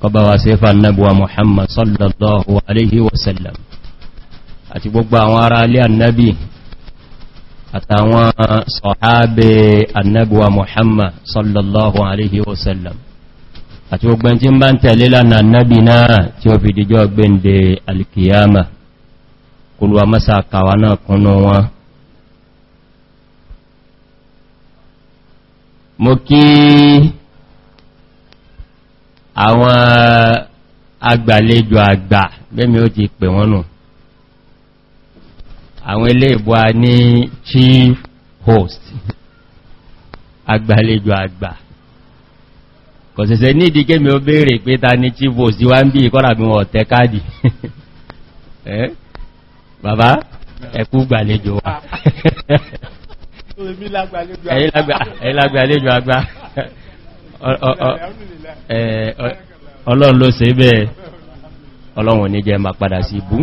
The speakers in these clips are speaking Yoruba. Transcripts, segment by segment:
kọba wa sí fa annabuwa muhammad sallallahu alaihi wasallam àti gbogbo àwọn ará alé annabi àtàwọn sọ̀hábẹ̀ annabuwa muhammad sallallahu alaihi wasallam àti gbogbo tí ń bá ń tẹ̀lé lánà annabi náà tí ó fi dìjọ́ gbẹ́ndẹ̀ alkiyama kúlùwa masa kàwà náà kúnnú wọn mo àwọn agbàlejò àgbà bẹ́mi ó ti pè wọ́n nù àwọn ilé a ní chief host agbàlejò àgbà kò sẹ̀sẹ̀ ní ìdíkẹ́ mi ó béèrè pé ta ní chief host wá ń bí ìkọ́lá bí wọ́n tẹ káàdì bàbá ẹkú gbàlejò wa ẹ̀yí lágbàlejò àgbà ọlọ́run ló ṣe bẹ́ẹ̀ ọlọ́run ní jẹ́ ma padà sí ibú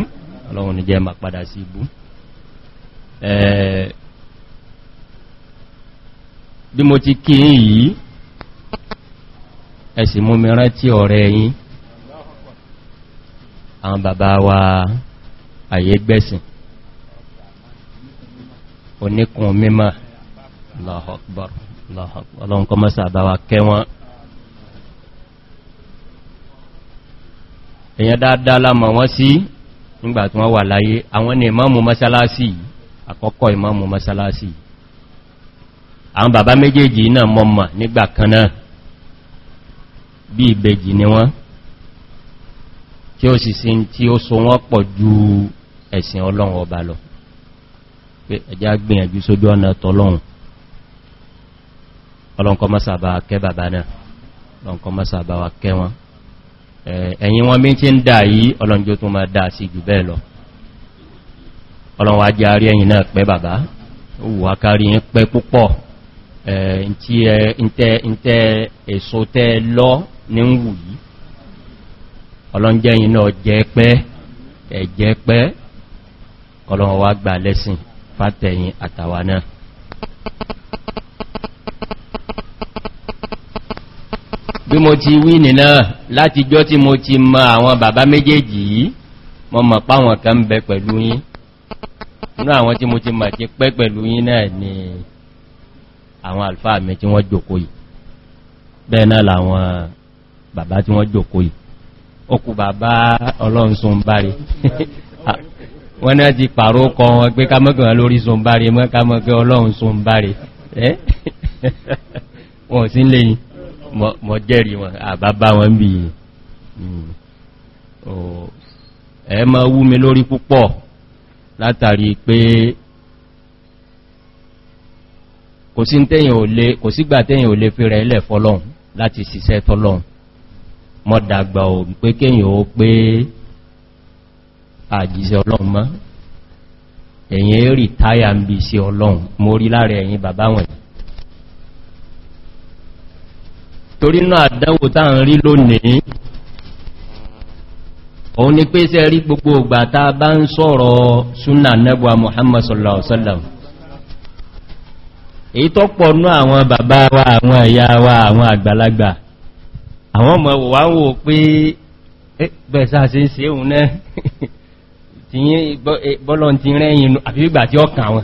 ọlọ́run ní jẹ́ ma padà sí ibú bí mo ti kí yìí ẹ̀sì mú mi rántí ọ̀rẹ́ yìí àwọn bàbá wa àyè gbẹ̀sìn oníkùn mímọ̀ Allahu ọlọ́run kọ́ mọ́sà bá wa kẹwọn èyàn dáadáa lámọ̀ wọ́n sí nígbàtí wọ́n wà láyé àwọn ni ìmọ́mù mọ́sálásì àkọ́kọ́ ìmọ́mù mọ́sálásì àwọn bàbá méjèèjì náà mọ́mọ̀ nígbà kan náà bí ìbejì ni wọ́n tí ó sì sí tí ó so wọ́n pọ̀ ju ẹ̀sìn ọlọ́run ọba lọ ọlọ́nkọ́ mọ́sàbà kẹ́ bàbá náà ọlọ́nkọ́ mọ́sàbà wà kẹ́ wọn ẹ̀yìn wọn bí tí ń dà yí ọlọ́njó tó máa dà sí jù bẹ́ẹ̀ lọ ọlọ́wà jẹ́ àrí ẹ̀yìn náà pẹ́ bàbá wà kárí yẹn pẹ́ púpọ̀ ẹ̀ èso tẹ́ gbà lẹ́sìn fátẹ̀yìn àtàwà náà bí mo ti wí nìna látijọ́ tí mo ti mọ àwọn bàbá méjèèjì yìí mo mọ̀ páwọn kan bẹ pẹ̀lú yín nínú àwọn tí mo ti mọ̀ ti pẹ́ pẹ̀lú yín náà ni àwọn alfáà mi tí wọ́n jòkó yìí bẹ́ẹ̀ náà làwọn bàbá tí wọ́n jòkó yìí ó kù bàbá ọlọ́run bari wọ́n náà ti pàró kọ wọn pé ká mọ́kànlá lórí sun bari mọ́ ká mọ́kànlá ọlọ́run wọ́n sí mọ̀ jẹ́rì wọn àbábá wọn bí hmm. ẹ ma wú mi lórí púpọ̀ látàrí pé kò sí tẹ́yìn ò lè kò sígbà tẹ́yìn ò lè fi rẹ̀ ilẹ̀ fọ́lọ́un láti ṣiṣẹ́ tọ́lọ́un mọ́ dàgbà ò pé kéyìn ó pé àjíṣẹ́ ọlọ́run mọ́ èyìn rí táyà ń bí sí ọlọ́run mo rí láàrẹ ẹ̀yìn bàbá wọ̀nyí torí náà àdánwò tá ń rí lónìí òun ni pé sẹ́ rí gbogbo ògbà tá bá ń sọ̀rọ̀ súnà nẹ́gbà Muhammad sallallahu alaihi wasallam èyí tó pọ̀ ní àwọn bàbá wa àwọn ẹ̀yà wa àwọn àgbàlagbà àwọn ọmọ wà ń wò pé bẹ̀ẹ̀sá sí ń se òun náà eh, bọ́lọ̀ ti rẹ́yìn àfíìgbà tí ọkàn wọn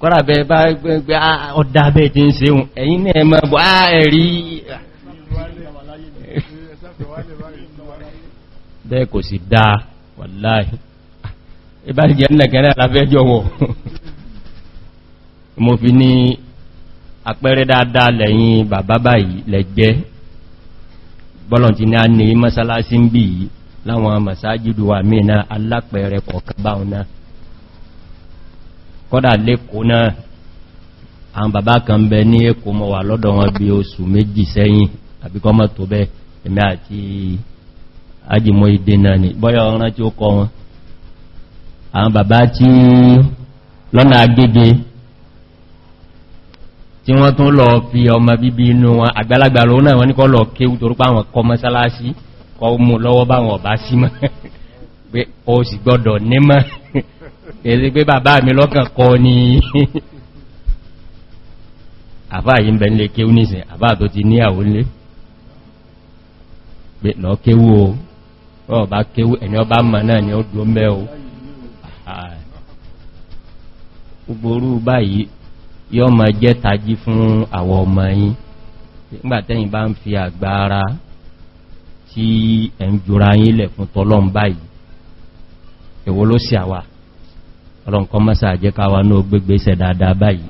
kọ́rà bẹ bá gbẹ́gbẹ́ ọ̀dá bẹ́ ti ń seun ẹ̀yìn ní ẹmọ bọ̀ á ẹ̀rí bẹ́ẹ̀ kò sì dáa wàláì ibá jẹ́ nẹ̀kẹ́rẹ́ wọ̀ mo fi ní àpẹẹrẹ dáadáa lẹ́yìn bàbá báyìí lẹ́jẹ́ bọ́lọ̀n a ní mọ́sálásí ń bí láwọn masájídù wà mí náà alápẹẹrẹ kọ̀ọ̀kan báwọn náà kọ́dà lẹ́kọ́ náà àwọn bàbá kan bẹ ní èkó mọ́ wà lọ́dọ̀ wọn bí oṣù méjì sẹ́yìn àbíkọ́ mọ́ tó bẹ́ ẹ̀mẹ́ àti ajímọ̀ ìdè náà ni bọ́yọ̀ ọ̀rán tí ó kọ wọn àwọn bàbá tí lọ́nà agége tí wọ́n tún lọ fi ọmọ bíbí inú wọn àgbàlagbà lóun èsì pé bàbá mi lọ́kàn kọ ní àfá yìí ń bẹ̀ nílé kéwú nìsìn àfá tó ti ní àwọn ilé pé lọ kéwú o ọba kéwú ẹni ọba mọ̀ náà ni ó dúó mẹ́ o gbogbo báyìí yọ́ ma jẹ́ tají fún àwọn ọmọ yìí nígbàtẹ́yìn bá ń fi àgbára tí ẹ̀ ń jura yìí fún tọ́lọ́m báyìí èwo ló sí àwà ọlọ́nkọ́ mọ́sá jẹ́ káwa náà gbégbé ṣẹ̀ dáadáa báyìí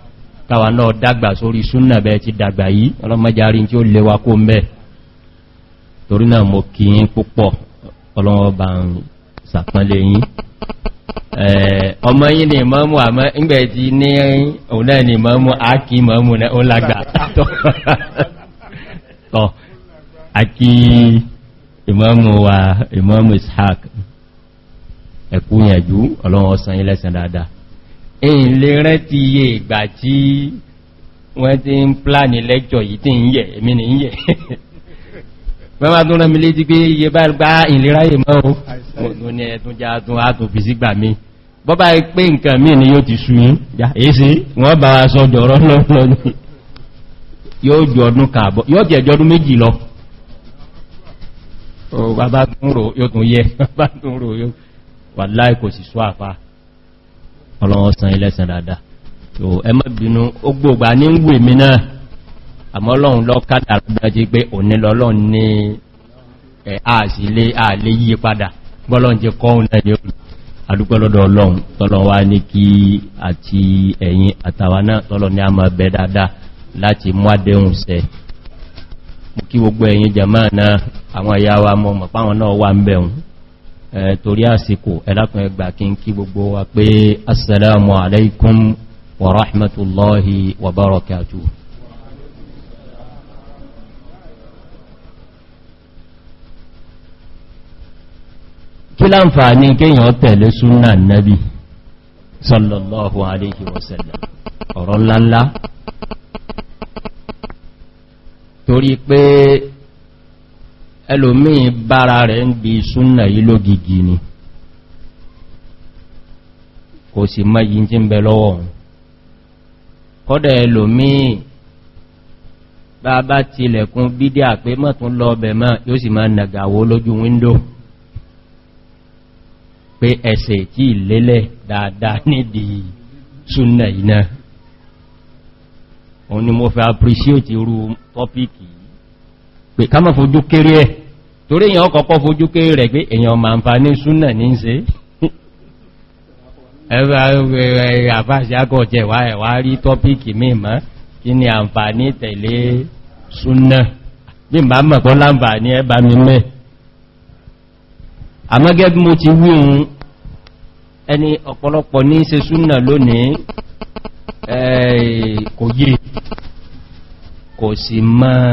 káwa náà dàgbà sórí súnnà bẹ́ẹ̀ ti dàgbà yìí ọlọ́mọjárí tí ó lewa kó mẹ́ torí náà mo kí yín púpọ̀ ọlọ́wọ́ba ń sàpánlé yín ọmọ yín ni mọ́mú àmọ́ ìgbẹ̀ ti ní òun náà ni mọ́mú ákí mọ́mú wa ìmọ́mú ishaq ẹ̀kú yẹ̀jú ọlọ́wọ́ san ilẹ̀sàn dáadáa èyí lè rẹ́ ti yẹ ìgbà tí wọ́n ti ń pláni lẹ́jọ yìí tí ń yẹ̀ èmì ni ń yẹ̀ mẹ́wàá tó rán mi lé ti pé iye bá gbá ìlera yìí mọ́ ohun ní ẹ̀tún já tún átò fi sí gbà mí bọ́bá pé nǹkan mí ni yóò ti ṣuyín èsì wọ́n bá wa sọ jọ̀rọ̀ lọ́pọ̀ ní yóò jọ ọdún kààbọ̀ yóò tẹ̀ jọ ọdún méjì wà láì kò sì sọ àpá ọlọ́wọ́ san ilẹ́sàn dáadáa so ẹ mọ́ bínú ó gbogbo ní ń wè mí náà àmọ́ ọlọ́run lọ kádà gbájí pé òní lọ́lọ́run ní ẹ̀ àṣìlé àlé yí padà gbọ́lọ́n jẹ kọ́hùn náà ní òun adúgbọ́lọ́dọ̀ ọlọ́run tọ́lọ́run wá láti mú àdéhùn sẹ́ mú kí gbogbo ẹ̀yìn jàmáà náà àwọn ìyá wa mọ̀ mọ̀ páwọn náà wà ń bẹ̀rùn torí àsìkò ẹlákùn ẹgbà kí n kí gbogbo wa pé assalamu alaikum wa rahmatullahi wa barakatuh kí láǹfààní kéèyàn tẹ̀lé súnà nábi sallallahu alaihi wasallam ọ̀rọ̀ ńláńlá torí pé ẹlòmíì bára rẹ̀ ń bí súnnà yí lógigi ni kò sì mọ́ yí tí ń bẹ lọ́wọ́ kọ́dẹ̀ ẹlòmíì bá bá tilẹ̀kún bídí àpé mọ́tún lọ bẹ̀ mọ́ yóò sì máa nàgàwó lójú wíńdò pé ẹsẹ̀ tí ìlélẹ̀ dáadáa nídìí súnnà yìí náà òun ni mo fẹ́ appreciate irú tọ́pìkì pé ká má fojú kéré ẹ̀ torí èyàn ọkọ̀ọ̀kọ́ fojú kéré rẹ̀ pé èyàn ma ń fa ní súnà ní ṣe àfáàṣì akọ̀ọ̀jẹ̀ wà rí tọ́píkì mímọ̀ kí ni àǹfààní tẹ̀lé súnà bí bá mọ̀ kọ́ láǹfààní ẹbà mímẹ̀ kò yìí máa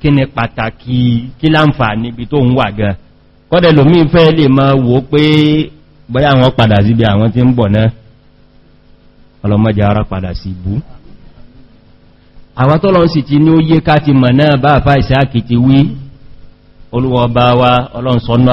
kí ni pàtàkì kí láǹfà níbi tó ń wà gan kọ́dẹ̀ lómí fẹ́ lè mọ́ wò pé bọ́yá wọn padà síbi àwọn tí ń bọ̀ náà ọlọ́mọjà ara padà sí ibú àwọn tọ́lọ́n sì ti ní ó yé ká ti mọ̀ náà bá àfá ìsáàkì ti wí olúwọ bá ọlọ́nsọ́nà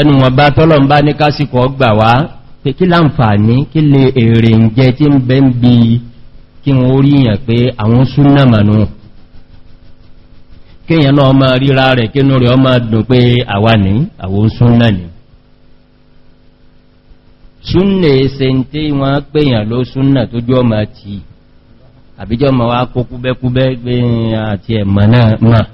ẹnu wọn tọ́lọ̀ ń bá ní kásìkò ọgbà wá pé kí láǹfààní kí lè èrè ń jẹ tí ń ń bí kí wọ́n orí èyàn pé àwọn mànú náà ọmọ ríra rẹ̀ rẹ̀ ọmọ dùn pé àwà ní àwọn ní tí wọ́n ló tó jọ ọmọ àbíjọ́ wá gbé àti ẹ̀mọ̀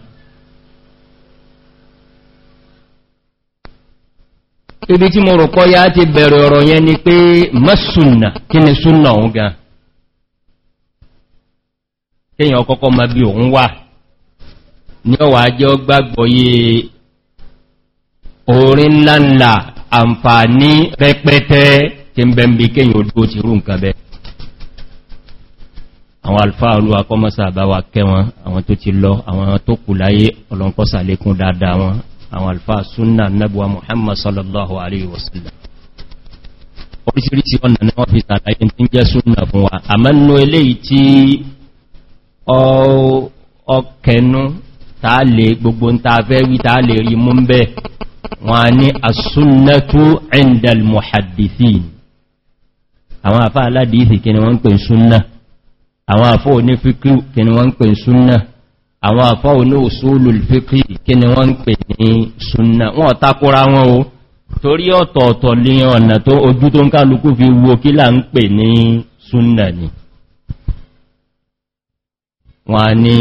ibi tí mo rọ̀kọ́ ya ti bẹ̀rẹ̀ ọ̀rọ̀ yẹn ni pé mọ́sùnà kí ni súnà òun gan kíyàn ọkọ́kọ́ ma bí òun wà ní ọwà jẹ́ gbàgbọ́ yí orin ńláńlá àǹfààní rẹpẹtẹ tí ń bẹ ń bí kíyàn odó ti rú nǹkan bẹ àwọn alfáà olúwa kọmọ́sà bá wa kẹ́ àwọn tó ti lọ àwọn tó kù láyé ọlọ́nkọ́sà lékún dáadáa wọn àwọn alfa súnnà nẹ́bùwa muhammad sallallahu alaihi wasallam oríṣiríṣi ọ̀nà ní wọ́n fi sàlàyé tí ń jẹ́ súnnà fún wa àmẹ́nu eléyìí tí ọkẹnu tàà lè gbogbo ń ta fẹ́ wí tàà lè rí mú bẹ́ wọn ni asúnnàtú indal muhaddithin àwọn àfá aládìí kí ni àwọn àfá oní òṣòlù fíkì kí ni wọ́n ń pè ní ṣùnà wọ́n takúra wọn o torí ọ̀tọ̀ọ̀tọ̀ lè ọ̀nà tó ojú tó ń lukú fi wo kí là ń pè ní ṣùnà ni wọ́n ni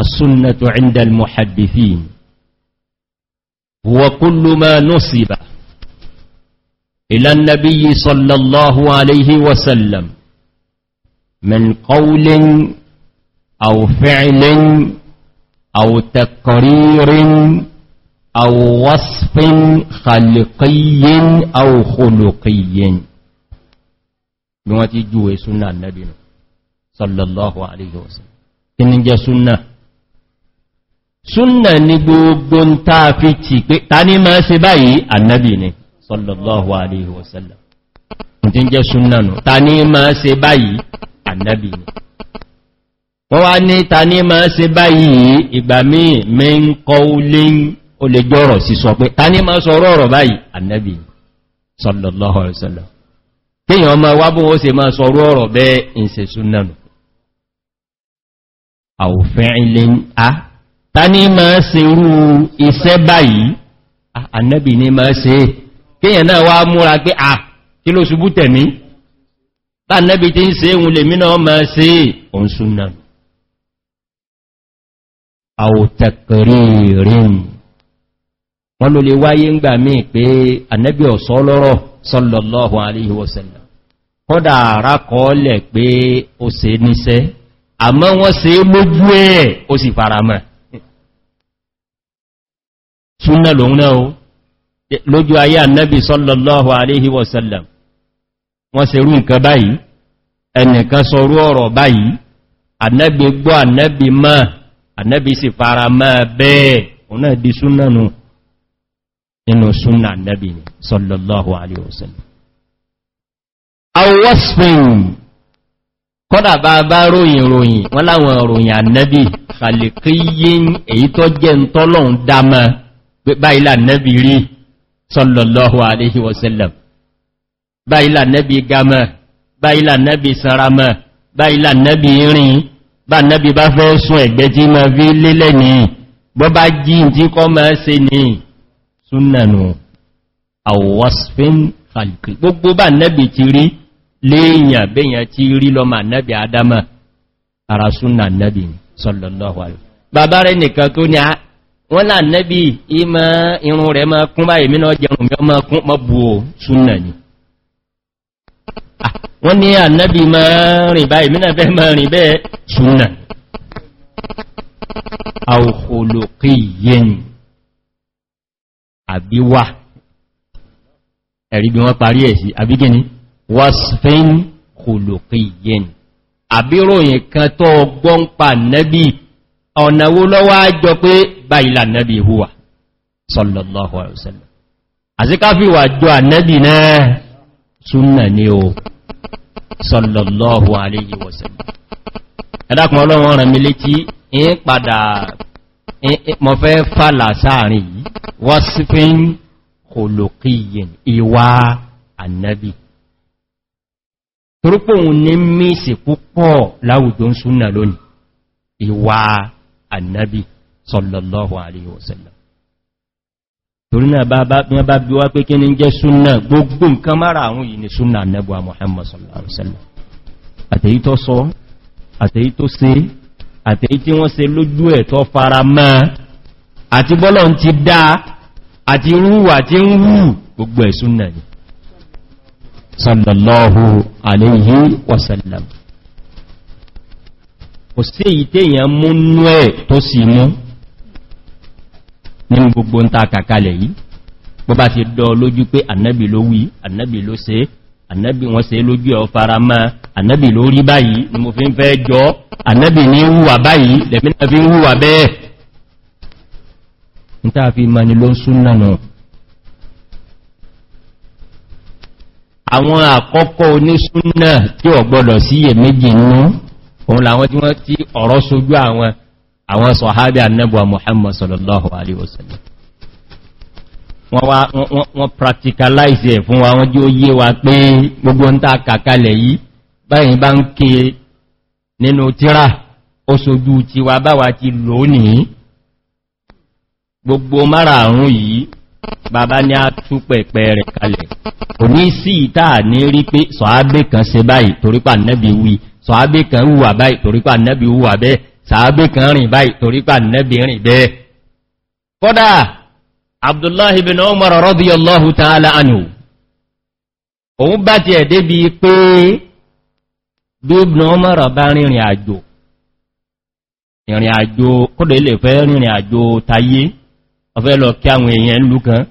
asúnnà tó indal muhaddifi huwa kullu ma nusiba ila nabiyyi sallallahu alaihi wasallam min qawlin أو فعل أو تقرير أو وصف خلقي أو خلقي بمتي جوه سنة النبي صلى الله عليه وسلم إن جاء سنة súnnà ní gbogbo ń táa fi ti pé ta ní máa ṣe báyìí annabi ni sallallahu alaihi wasallam tí ń jẹ́ súnnà nù ta ní máa ṣe báyìí annabi ni wọ́n wá ní ta ní máa ṣe báyìí ìgbà míì mẹ́ ń kọ́ lé o lè jọ́rọ̀ sí sọ pé ta ní máa sọ rọ̀rọ̀ báyìí annabi sallallahu alaihi wasallam kíyàn ma wá bó ó se máa sọ rọ̀rọ̀ bẹ́ ìṣẹ́ a ta ní máa ṣe rú iṣẹ́ báyìí annabi ní máa ṣe kíyàn náà wá múra pé à kí ló ṣubú àwòtẹ̀kẹ̀rí ríun wọ́n ló lè wáyé ń gbà mí pé ànẹ́bí ọ̀sọ́ lọ́rọ̀ sọ́lọ̀lọ́hùn aléhìwọ̀sẹ̀lẹ̀ kọ́dà ara kọ́ọ́lẹ̀ pé ó se níṣẹ́ àmọ́ wọ́n se lójú ẹ̀ ó sì faramọ̀ súnà lòun náà lójú ayé ànẹ́bí sọ́lọ̀lọ́hùn se annabi sì fara máa bẹ́ẹ̀ ọ̀nà ìdí súnnà nù nínú súnnà annabi ni sallallahu alaihi wasallam awọ́sùn kọ́dà bá bá ròyìn ròyìn wọ́n láwọn ròyìn annabi kàlìkíyín èyí tó jẹ́ ń tọ́lọ̀ ń dámà bá ilá annabi rí sallallahu bá nẹ́bí bá fẹ́ sún ẹ̀gbẹ́ tí ma fi lélẹ̀ ní bọ́ bá jí tí kọ́ ma ṣe ní súnnànù àwọ̀wọ́sfín kàlùkì gbogbo bá nẹ́bí ti rí léèyàn béèyàn ti rí lọ́mà nẹ́bí adama ara súnnà nẹ́bí sọ́lọ̀lọ́wọ́ wọ́n ní ànábì máa rìn báyìí mínà fẹ́ máa rìn bẹ́ẹ̀ ṣúnà àwòkòlòkìyìn àbíwà ẹ̀rí bí wọ́n parí ẹ̀ sí àbígíní wasfin kòlòkìyìn àbíròyìn kan tó gbọ́n pa nẹ́bí ọ̀nàwó lọ́wọ́ jọ pé báyìlà nẹ́bí huwa sallallahu alaihi wasallam àsíkáfíwà jọ ànẹ́bì náà súnà ní o sallallahu alayhi wa sallam ẹ̀dàkùn ọlọ́run ọ̀rọ̀ mi létí in padà mọ̀ fẹ́ fàlà sáàrin yìí wasfin khuluqiyyin ìwà annabi torípòun ní mísì púpọ̀ láwùjọ súnnà lónìí ìwà annabi sallallahu alayhi wa sallam torí náà bá bí wá pé kí ní jẹ́ súnnà gbogbo nǹkan mara àwọn yìí ni súnnà annabuwa muhammad sallallahu alaihi wasallam àtèyí tó sọ àtèyí tó se àtèyí tí wọ́n se lójú ẹ̀ tó fara mọ́ àti bọ́lọ̀ ti dá àti rú àti ń gbogbo ẹ̀ súnnà ni sallallahu alaihi wasallam kò sí èyí tó nínú gbogbo ń ta kàkalẹ̀ yìí bó bá ti dọ lójú pé annabi ló wí annabi ló se annabi wọ́n se lójú ẹ̀ fara mọ́ annabi ló rí báyìí ni mo fi ń fẹ́ jọ annabi ní wúwà báyìí lẹ́mínà fi ń wúwà bẹ́ẹ̀ ni ló ń súnnà náà àwọn àkọ́kọ́ onísúnnà tí ọ̀gbọ́dọ̀ sí iyèméjì nínú òun làwọn tí wọ́n tí ọ̀rọ̀ sojú àwọn àwọn sọ̀hábí annabuwa muhammad sallallahu alaihi wasallam wọ́n practicalize ẹ̀ fún wa wọ́n jí ó yé wa pé gbogbo ń ta kàkalẹ̀ yìí báyìí bá ń ké nínú tíra ó sojú ti wa báwa ti lónìí gbogbo márààrún yìí bàbá ní a tú pẹ̀pẹ̀ rẹ̀ kalẹ̀ kò ní sí ìta ní rí pé sọ̀hábé kan se báyìí torípa nẹ́bí wí sọ̀hábé kan wùwà báyìí torípa nẹ́bí wùwà bẹ́ẹ̀ sàábé kan rìn báyìí torí pà nẹ́bì rìn bẹ́ẹ̀ kọ́dá abdullahi bin omar radiyallahu ta'ala anhu òun bá ti ẹ̀dẹ́ bí i pé bí ibn omar bá rìnrìn àjò ìrìn àjò kọ́dọ̀ ilẹ̀ fẹ́ rìnrìn àjò tayé ọfẹ́ lọ kí àwọn èèyàn lú kan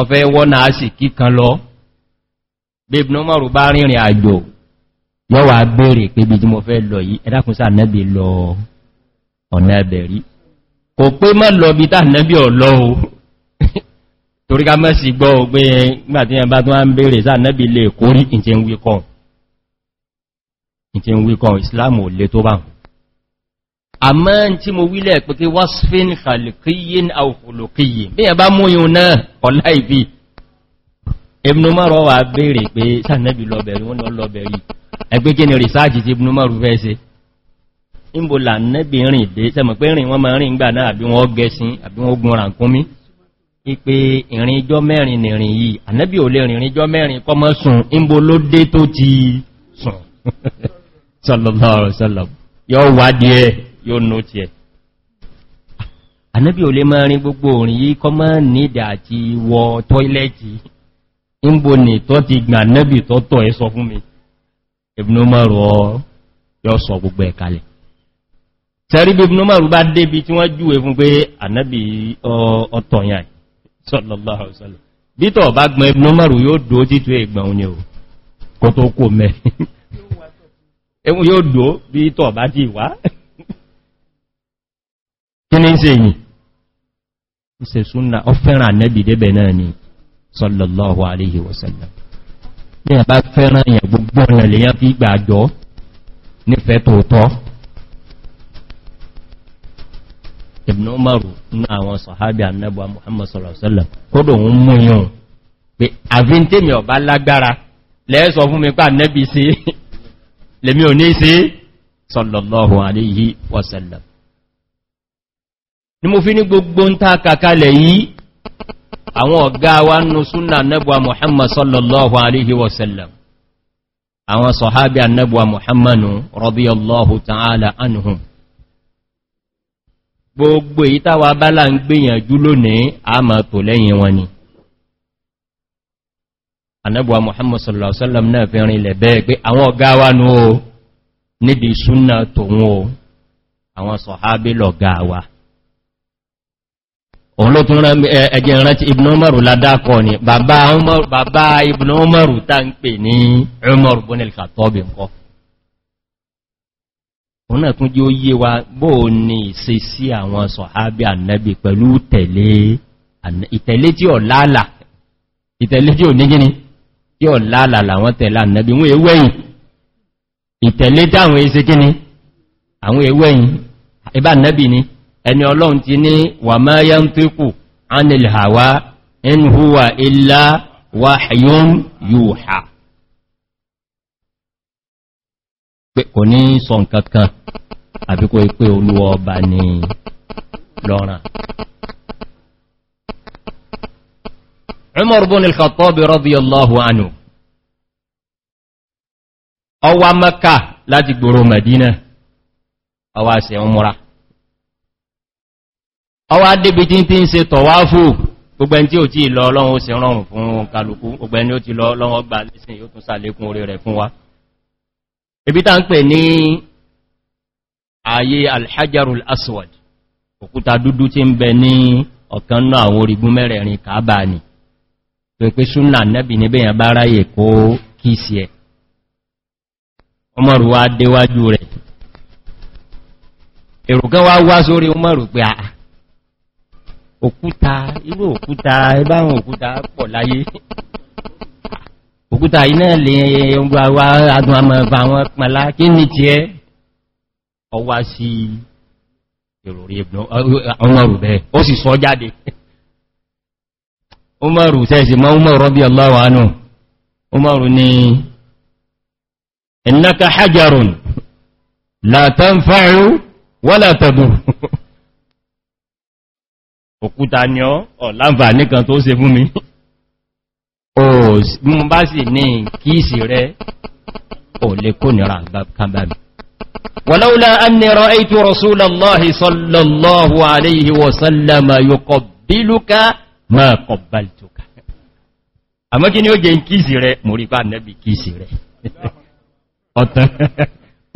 ọfẹ́ wọ́n náà sì kíkan lọ bí ibn omar bá rìnrìn àjò yọ́ wà bèèrè pé bí tí mo fẹ́ lọ yìí ẹ̀dàkùn sáà nẹ́bì lọ ọ̀nà ẹbẹ̀rí kò pé mọ́ lọ bí tàà nẹ́bì ọ̀lọ́ o torí ká mọ́ sí gbọ́ pé gbàtí ẹ bá tó wá ń bèèrè sáà nẹ́bì lè kórí ìtí ń wíkọ̀ ìsìláàmù ò lè tó bá àmọ́ tí ibnu mọ́rọ̀ wà bèèrè pé sáà nẹ́bì lọ bẹ̀rí wọ́n lọ bẹ̀rí ẹgbẹ́ kí ni rìsáàjì ti ibùnú fẹ́ ṣe ìbòlà nẹ́bì rìn dé sẹ́mọ̀ pé rìn wọ́n ma rìn gbà náà àbí wọ́n gẹṣin àbí wọ́n gun ràǹkúnmí ipé ìrìn ijọ́ mẹ́rin nìrìn yìí ànẹ́bì ò lè rìn ijọ́ mẹ́rin kọmọ́ sùn ìbò ló dé tó ti sùn sọ́lọ́lọ́ ibn umar yóò sọ gbogbo ẹ̀kalẹ̀ tẹ́rí bí ibn umar bá débi tí wọ́n júwe fún pé ànábì ọ̀tọ̀yàn sallallahu alaihi wasallam bí tọ̀ bá gbọ́n ibn umar yóò dó títú ẹgbọ̀n ni o kò tó kò mẹ́ yóò dó bí tọ̀ bá ti wá kí ní ṣe yìí ìṣẹ̀súnna ọfẹ́ràn ànábì débẹ̀ náà ni sallallahu alaihi wasallam bí ẹ̀ bá fẹ́ràn èyàn gbogbo ọ̀nà lèyàn fi gbàjọ́ nífẹ́ tòótọ́ ibn umaru ní àwọn sọ̀hábí annabuwa muhammad sallallahu kódò ń mú yàn pé àfin tèmi ọ̀bá lágbára lẹ́ẹ̀sọ fún mi pà nẹ́bí sí lèmi ò ní sí sallallahu alayhi wasallam ni mo fi ní gbogbo ń ta kàkalẹ̀ àwọn ọ̀gá wa nù súnà nẹ́bùwa muhammad sallallahu alaihi wasallam àwọn sọ̀hábí annabuwa muhammadu radiyallahu ta'ala anhum gbogbo èyí táwà bálá ń gbìyànjú lónìí a ma tò lẹ́yìn wọn ni annabuwa muhammadu sallallahu alaihi wasallam náà fi rin ilẹ̀ òun ló tún ẹjẹ́ ìrántí ibn umaru ládákọ̀ ni bàbá ibn umaru tá ń pè ní umaru bonel katobi ǹkọ́ òun náà tún jí ó yé wa bó ní ìse sí àwọn sọ̀hábí annabi pẹ̀lú ìtẹ̀lé tí ọ̀ lálà ìtẹ̀lé tí ò ní gíní tí ọ̀ lálà làwọn tẹ̀lá ẹni ọlọ́run ti ní wà máa yá ń tíkù anìlhàwá in huwa illa wahyun yuha pé kò ní sọ nkankan àbíkò ipé olúwa ọba ni lọ́ràn Umar bin al-Khattab radiyallahu anhu ọwà Mẹ́kà láti gbòrò Mẹ̀dínà ọwà sí ọmọra ọwá débi tí tí ń se tọ̀wáfù gbogbo ẹni tí ó ti lọ ọlọ́run ó sì rọrùn fún kàlùkù gbogbo ẹni ó ti lọ ọlọ́run ọgbà lẹ́sìn yóò tún sàlékún orí rẹ̀ fún wa ibi tá ń pè ní ayé alhajarul aswad òkúta dúdú tí ń bẹ ní ọ̀kan àwọn orígun mẹ́rẹ̀rin kàábà òkúta irú òkúta ẹbáwọn òkúta pọ̀ láyé òkúta iná lè ọgbà wa adùn àmọ̀bà wọn pẹ̀lá kí ní tí ẹ ọwá sí ìròrí ọmọrù bẹ́ẹ̀ ó sì sọ jáde ọmọrù sẹ́sì mọ́ ọmọrù rọ́bí ọlọ́wà ọmọrù ni ẹ̀nàkà hajjarun látàǹfààrù wọ́látàdùn òkúta ni ọ́ ọ̀láǹfà nìkan tó ṣe fún mi mú bá sì ní kíìsì rẹ ò lè kó nìra kábàmì wàláúlá annira aìtò rasúlọ́láhì sọ́lọ́láhù aléhì wọ̀sánlámà bá nẹ́bì kíìsì rẹ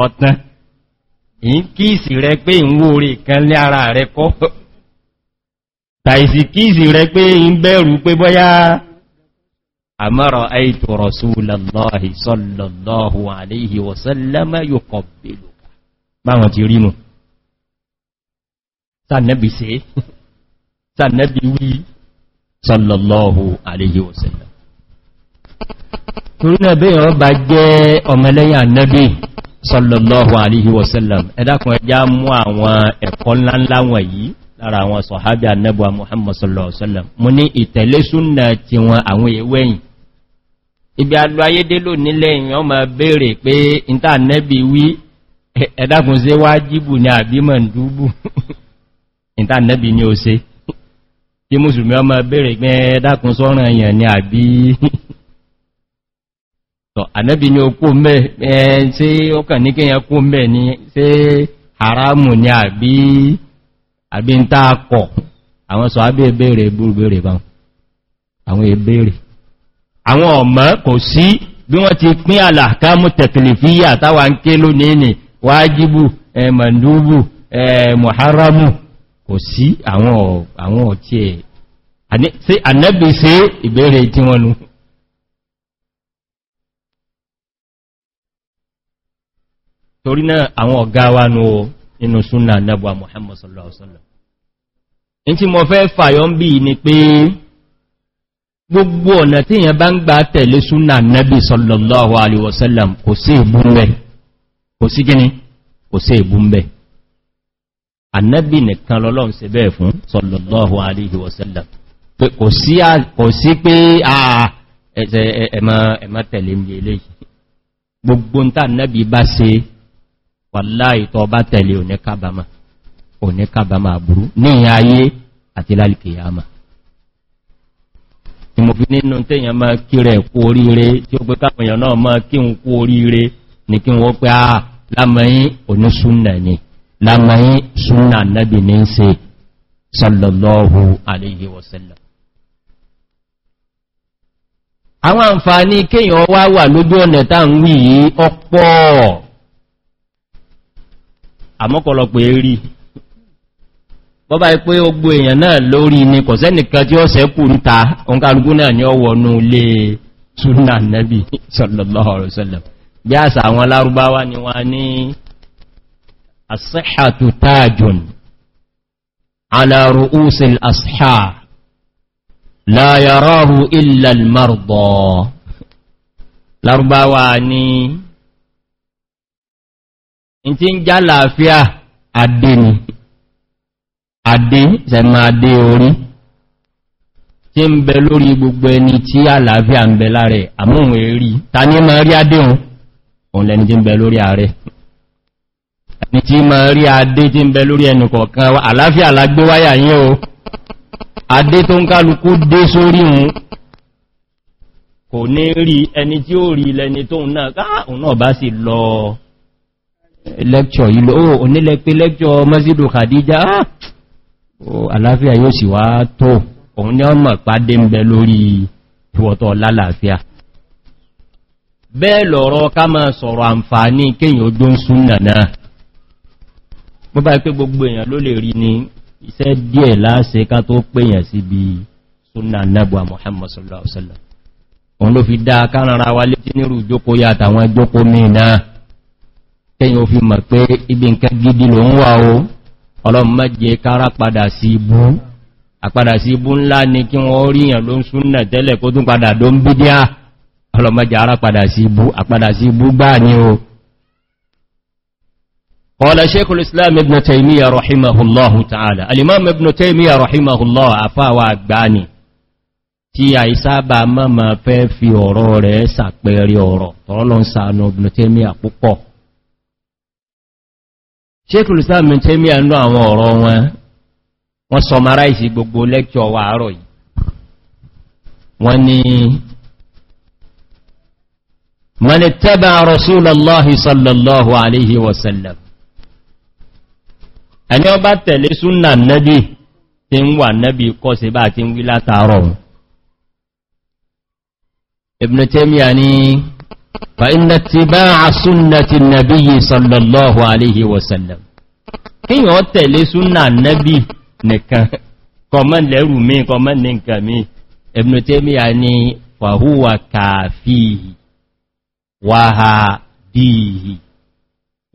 ọ̀tán ìyí kíìsì rẹ pé ìwó orí kan lé ara tàìsì kíìsì rẹ pé ń bẹ̀rù pé bọ́yá àmọ́rọ̀ àìtò rọ̀súlọ́lọ́hì sọ́lọ́lọ́hù àléhì wọ̀sánlẹ́mà yóò kọ̀ bèlò báwọn ti rínú sànẹ́bì sí sànẹ́bì wí sọ́lọ́lọ́hù àléhì wọ̀sánlẹ́ torínà bí ìran bá jẹ́ ọmọlẹ́yìn ànẹ́bì sọ́lọ́lọ́hù àléhì wọ̀sánlẹ́m ẹ̀dàkùn ẹjá mú àwọn ẹ̀kọ́ ńláńlá wọ̀nyí lára àwọn sọ̀hábí annabuwa muhammad sallallahu alaihi wasallam mo ní ìtẹ̀lé súnnà ti wọn àwọn ewéyìn ibi alú ayédélò nílẹ̀ èyàn ma bèèrè pé ìta annabi wí ẹ̀dàkùn sí wájíbù ní àbímọ̀ dúbù ìta annabi ni ó se tí musulmi ọmọ bèèrè pé ẹ̀dàkùn sọ́rọ̀ èyàn àbí ń tàà kọ̀ àwọn sọ àbí ẹbẹ̀rẹ̀ ìbúrúbẹ̀rẹ̀ bá àwọn ẹbẹ̀rẹ̀ àwọn ọmọ kò sí bí wọ́n ti pín àlàkámù tẹ̀kìlìfíyà táwà ń ké lónìí nì wájíbù ẹ̀mọ̀ndúbù ẹ̀mọ̀hárámù kò sí àwọn ọ̀tí ẹ̀ ìbẹ̀rẹ̀ tí torí nínú súnà nẹ́bùwa Muhammad sallallahu alaihi wasallam in tí mo fẹ́ fàyọ ń bí ni pé gbogbo ọ̀nà tí èyàn bá ń gbà tẹ̀lé súnà nẹ́bì sallallahu alaihi wasallam kò sí ìbúnbẹ̀ kò sí gíní gbogbo ń tà nẹ́bì bá ṣe wàláì tọ bá tẹ̀lé oníkábàmà oníkábàmà àbúrú ní ayé àti lálìkìyàmà ìmòfin nínú tẹ́yàn máa kí rẹ̀ kú oríire tí ó pé káàkùnyàn náà máa kí ń kú oríire ní kí wọ́n pé àà ah, lámàáyín onísúnnà ni lámàáyín súnnà nábì ní ń se sallallahu alayhi wasallam àwọn àǹfààní kéèyàn wá wà lójú ọ̀nà táà ń wí yìí ọ̀pọ̀ àmọ́kọ̀lọpọ̀ èrí bọ́bá ipé ogbò èèyàn náà lórí ni kò sẹ́nìkan tí ó sẹ́kù ń ta ọkàlùkú náà ni ó wọnú lé súnà nẹ́bì sallallahu alaihi wasallam bí àṣà àwọn lárúbáwá ni wọ́n ní in ti ń já láàfíà àdé ni àdé sẹ̀mà àdé orí tí ń bẹ lórí gbogbo ẹni tí àlàáfíà ń bẹ láàrẹ àmóhun èrí ta ní ma rí àdéhùn òun lẹni tí ń bẹ lórí ààrẹ ẹni tí ma rí àdé tí ń bẹ lórí ẹnu kọ̀ọ̀kan àlàáfíà lágbé wáyà yí o àdé tó ń kálukú dé sórí hun kò ní rí ẹni tí ó rí lẹni tóun náà káà òun náà bá sì lọ lẹ́kṣọ̀ ìlò ó onílẹ̀ pé lẹ́kṣọ̀ mọ́sídò kàdíjá àláfíà yóò sì wá tó òun ní ọmọ pàdé ń bẹ lórí ìwọ̀tọ̀ lálàáfíà bẹ́ẹ̀ lọ̀rọ̀ ká máa sọ̀rọ̀ àǹfààní kéyìn ojú ń sún nànà bó bá pé gbogbo èèyàn ló lè rí ni iṣẹ́ díẹ̀ láàṣẹ ká tó pèèyàn síbi súnà nàbùwà mohamed sallallahu alaihi wasallam òun ló fi dá kárànra wa létí nírú ìjókòó yàtàwọn ìjókòó mìíràn kẹ́yìn òfin mọ̀ pé ibi nǹkan gidi ló ń wà o ọlọ́mọ́jẹ kára padà sí ibú àpadà sí ibú ńlá ni kí wọ́n ríyàn ló ń súnnà tẹ́lẹ̀ kó tún padà ló ń bí díá ọlọ́mọ́jẹ ara padà sí ibú àpadà sí ibú gbà ní o قال شيخ الإسلام ابن تيمية رحمه الله تعالى الإمام tí a ìsábà fẹ́ fi ọ̀rọ̀ rẹ̀ sàpẹẹrẹ ọ̀rọ̀ tọ́lọ́nsà ibn taymiyyah púpọ̀ ṣékùlù sáàmì tí mí àánú àwọn ọ̀rọ̀ wọn wọ́n sọmara ìsì gbogbo lẹ́kṣọ́ wa àárọ̀ yìí wọ́n ni mọ́ni tẹ́bà rọ̀súlọ́lọ́hì sọ́lọ́lọ́hù aléhì wọ̀sẹ̀lẹ̀ ẹni ọ bá tẹ̀lé súnà nẹ́bí tí ń فإن اتباع سنة النبي صلى الله عليه وسلم كي يوتلي سنة النبي نكا كمان لرو كمان نكا مين ابن تيمي يعني فهو كافيه وهديه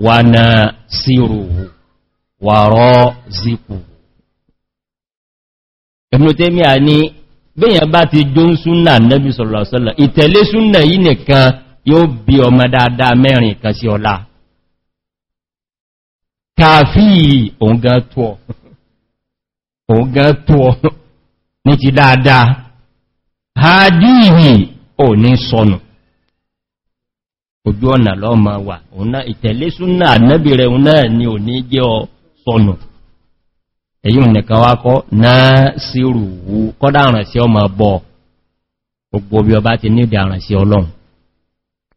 ونسيره ورازقه ابن تيمي يعني بيان باتي جون سنة النبي صلى الله عليه وسلم ìtẹ̀lé súnnà yìí yóò bí ọmọ dáadáa mẹ́rin kan sí ọlá kàfí òun gan tó ọ ní ti dáadáa hadihi ò ní sọnù ojú ọ̀nà lọ́mọ wà ìtẹ̀lé súnà ànábì rẹ̀ ni ò ní jẹ́ ọ sọnù èyí ò nìkan wá kọ́ náà kọ́dá ọmọ gbogbo ọba ti ní ọlọ́run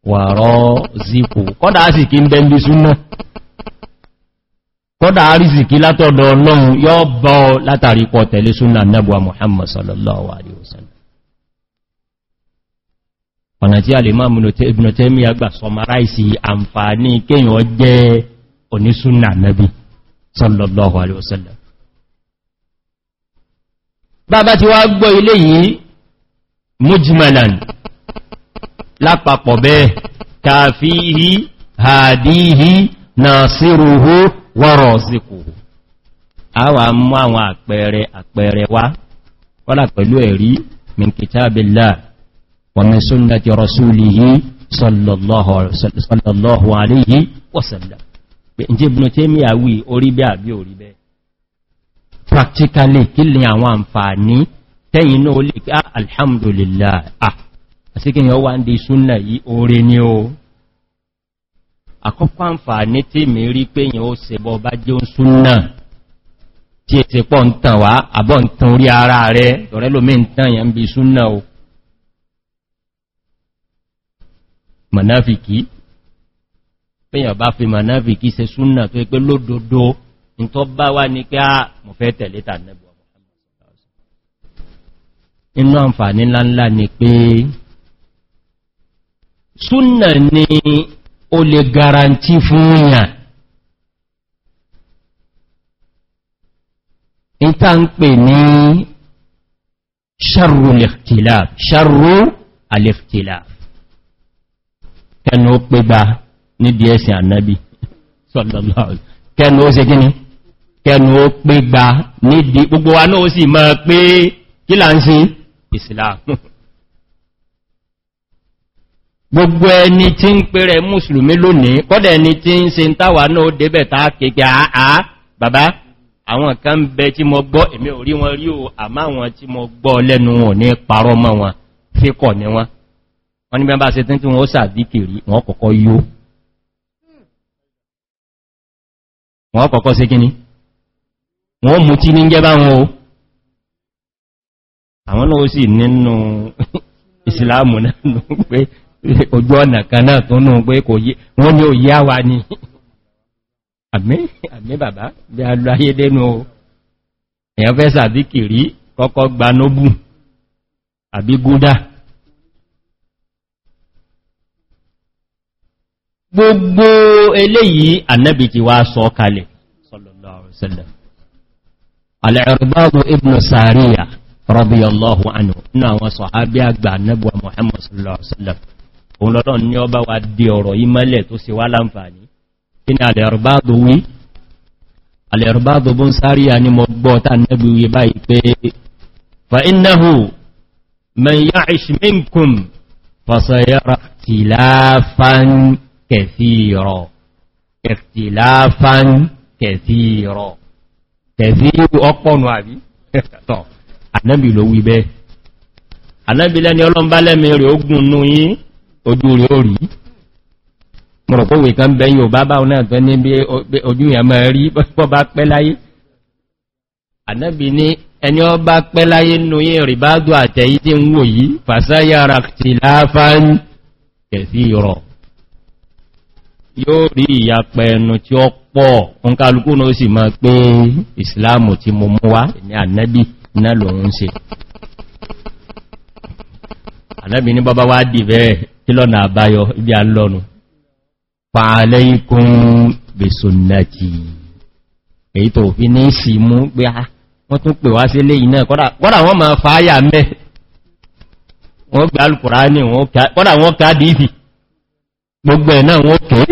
wàrọ zíkù kọ́dá àsìkí ń bẹ́ndì súnmọ́ kọ́dá àrísìkí látọ̀dọ̀ ọlọ́run yọ́ bọ́ látàrí pọ̀ tẹ̀lé súnà nẹ́bùwa muhammad sallallahu alaihi wasallam ọ̀nà tí a lè máa múnú ibùnà tẹ́mí àgbà sọmaráìsì àǹfààní kéyàn jẹ́ onísúnà nẹ́bí sallallahu alaihi wasallam bàbá ti wá lápapọ̀ bẹ́ẹ̀ kàfíhí hàdíhí nàṣírùhú wọ́rọ̀ síkùhù a wà mú àwọn àpẹẹrẹ àpẹẹrẹ wá wọ́lá pẹ̀lú ẹ̀rí min kìtàbílá wà min súnnàtí rọ̀súlìhí sallallahu alayhi wasallam practically kí ni àwọn àǹfààní tẹ́yìn náà ó lè kí ah, alhamdulillah ah síkí ni ó wá ń di súnnà yìí oore ni o àkọ́kọ́ àǹfààní tí mi rí pé yìn ó se bọ́ bá jẹ́ súnnà tí è ti pọ̀ ń tàn wá àbọ̀ ń tan orí ara rẹ̀ lọ́rẹ́ lómi ń tàn yẹn bí súnnà o mọ̀náfìkì pèyàn bá fi mọ̀náfìkì se súnnà tó pé lódodo ní tó bá wá ní pé á ah, mọ̀ fẹ́ tẹ̀lé tà nẹ́bọ̀ inú àǹfààní ńláńlá ni pé súnà ni o lè garanti fún yàn ìta ń pè ní ṣarru al-ikhtilaf ṣarru al-ikhtilaf kẹnu ó pé bá níbi ẹ̀sìn ànábì sallallahu kẹnu ó se gíní kẹnu ó pé bá níbi gbogbo wa náà ó sì máa pé kí là ń sí ìsìláàmù gbogbo ẹni tí ń pèrè mùsùlùmí lónìí kọ́dẹ̀ ẹni tí ń se ń táwà náà débẹ̀ tàà kéèkè àá bàbá àwọn kan ń bẹ tí mo gbọ́ èmi orí wọn rí o àmá wọn tí mo gbọ́ lẹ́nu wọn ní parọ́ mọ́ wọn fíkọ̀ ní wọn wọ́n ní bẹ́bá se tí wọ́n sàdíkìrí wọ́n kọ̀kọ́ yó wọ́n náà sì pé ojú ọ̀nà kan náà tó nù pé kò yí wọ́n ni ò yá wa ni àmì bàbá bí a lọ ayé dénú o èyàn fẹ́ sàbí kìrí kọ́kọ́ gba nóbù àbí gúdá gbogbo eléyìí annabi ti wá sọ kalẹ̀ sallallahu alaihi wasallam al'arbadu ibn sariya radiyallahu anhu ina wọn sọ̀hábí àgbà annabuwa muhammadu sallallahu alaihi wasallam òun lọ́lọ́ ní ọba wa di ọ̀rọ̀ yí mọ́lẹ̀ tó se wá láǹfààní kí ni alẹ́rọ̀báàbò wí alẹ́rọ̀báàbò bó ń sáré à ní mọ́ gbọ́ tà nẹ́bí wí báyìí pé fa ináhù mẹ́yà ìṣmínkùn fasayara tìláfán kẹfìrọ̀ kẹfìláfán kẹfìrọ̀ kẹfìrù ọpọ̀nù nú yìí ojú rẹ̀ ó rí mọ̀rọ̀pọ̀wé kan bẹ̀yìn ò bá bá náà tó ní bí ojú ìyàn máa rí bọ́ bá pẹ́ láyé ànábì ní ẹni ọ bá pẹ́ láyé nú yí rìbádù àtẹ̀yí tí ń wò yí fàsáyára ti láfán kẹ̀sí rọ̀ yóò rí ìyapẹ̀ ẹnu tí ó pọ̀ oúnkálukú náà sì máa ànábì ní bọ́bá wá dìbẹ̀ kí lọ́nà àbáyọ ibi alọ́nu fàálẹ́ikún bèsùnnàtì èyí tó fi ní sí mú pé a ah, wọ́n tún pè wá sí léyìn náà kọ́dà wọ́n ma fàáyà mẹ́ wọ́n gbà alùkùrá ní kọ́dà wọ́n ká dìífì gbogbo ẹ̀ náà wọ́n kèé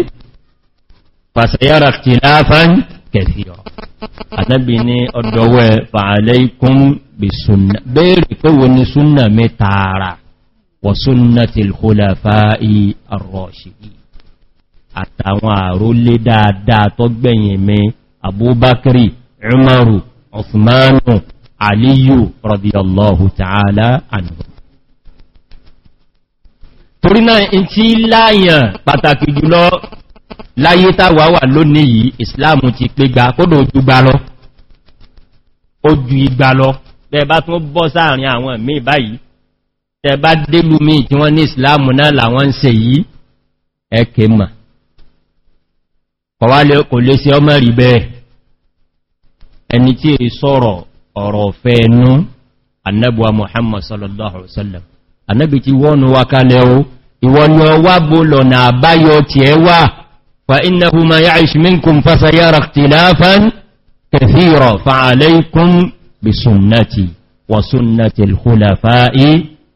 fàṣẹyára ní ọdọ̀wẹ́ fàálẹ́ikún bèsùnnà bẹ́ẹ̀rẹ̀ pé wo ni súnnà mẹ́ tààrà wọ̀súnnàtí ìkólàfà ìrọ̀ṣìí àtàwọn àrólé dáadáa tó gbẹ̀yìn mẹ́ abúbákiri umaru osmanu aliyu radiyallahu ta'ala anhu torí náà in tí láyàn pàtàkì jùlọ láyé tàwà wà lónìí yìí islamu ti pé gba kódò ojú gba ojú igba bẹ́ẹ̀ bá tún bọ́ sáàrin àwọn mí báyìí tẹ bá délú mi tí wọ́n ní ìsìláàmù náà làwọn ń se yìí ẹkẹ mà kọ̀wálẹ̀ kò lè sí ọmọ rí bẹ́ẹ̀ ẹni tí è sọ́rọ̀ ọ̀rọ̀ ọ̀fẹ́ ẹnu annabuwa muhammad sallallahu alaihi wasallam annabi ti wọ́nu wa sunnati al-khulafa'i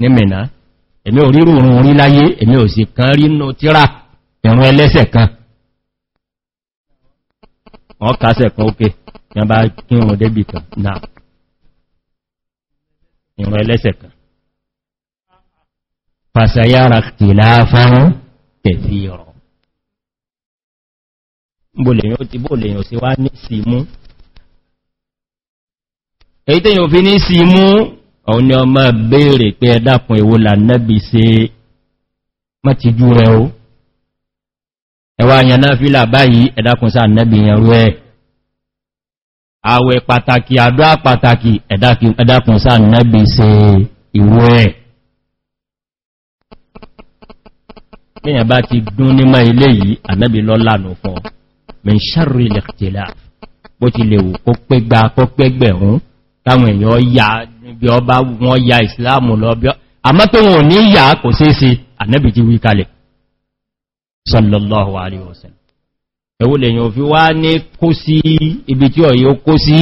ní mìnà èmi ò rírù òun orí láyé èmi ò sì kan rí nù tíra ẹ̀rùn ẹlẹ́sẹ̀ kan wọ́n kásẹ̀ kan ókè yán bá kí wọn débì kan náà ìrùn ẹlẹ́sẹ̀ kan fàṣàyára kìláfáhún tẹ̀fì ọ̀rọ̀ bóòlèyàn ti bóòlèyàn sí wá ní símú èyí tẹ́yìn òfin ní òun ni ọmọ béèrè pé ẹ̀dàkùn èwo lànẹ́bì se mọ́tijú rẹ̀ o ẹwà àyànná fílà báyìí ẹ̀dàkùn sáà nẹ́bì yẹn rú ẹ̀ àwẹ̀ pàtàkì àdúrà pàtàkì ẹ̀dàkùn sáà nẹ́bì se ìwú ẹ̀ kíyàn bá ti dún nímọ̀ ilé yìí ànẹ́bì lọ́lànà fún mẹ́ṣẹ́rì lẹ́kìtìlá bó ti lè wù kó pẹ́gbà níbi ọba wọn ya ìsìláàmù lọ bí ọ àmọ́ tó wọn ní yà kò sí sí ànẹ́bì ti wí kalẹ̀ sallallahu alaihi wasallam ẹwú lèyìn òfin wá ní kó sí ibi tí ọ̀yọ́ kó sí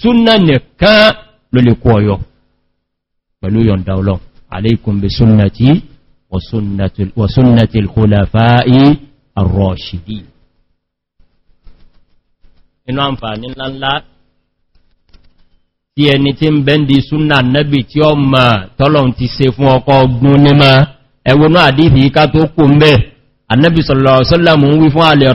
súnnà nìkan ló lè kó ọ̀yọ́ pẹ̀lú yọ̀nda ọlọ́run tí ẹni tí ń ndị súnà nẹ́bì tí ó mọ̀ tọ́lọ̀n ti se fún ọkọ̀ ọgbọ́n ní ma ẹwọnú àdífì tó kò mẹ́ annabi sọ̀lọ̀sọ́lọ̀mù wí fún alẹ́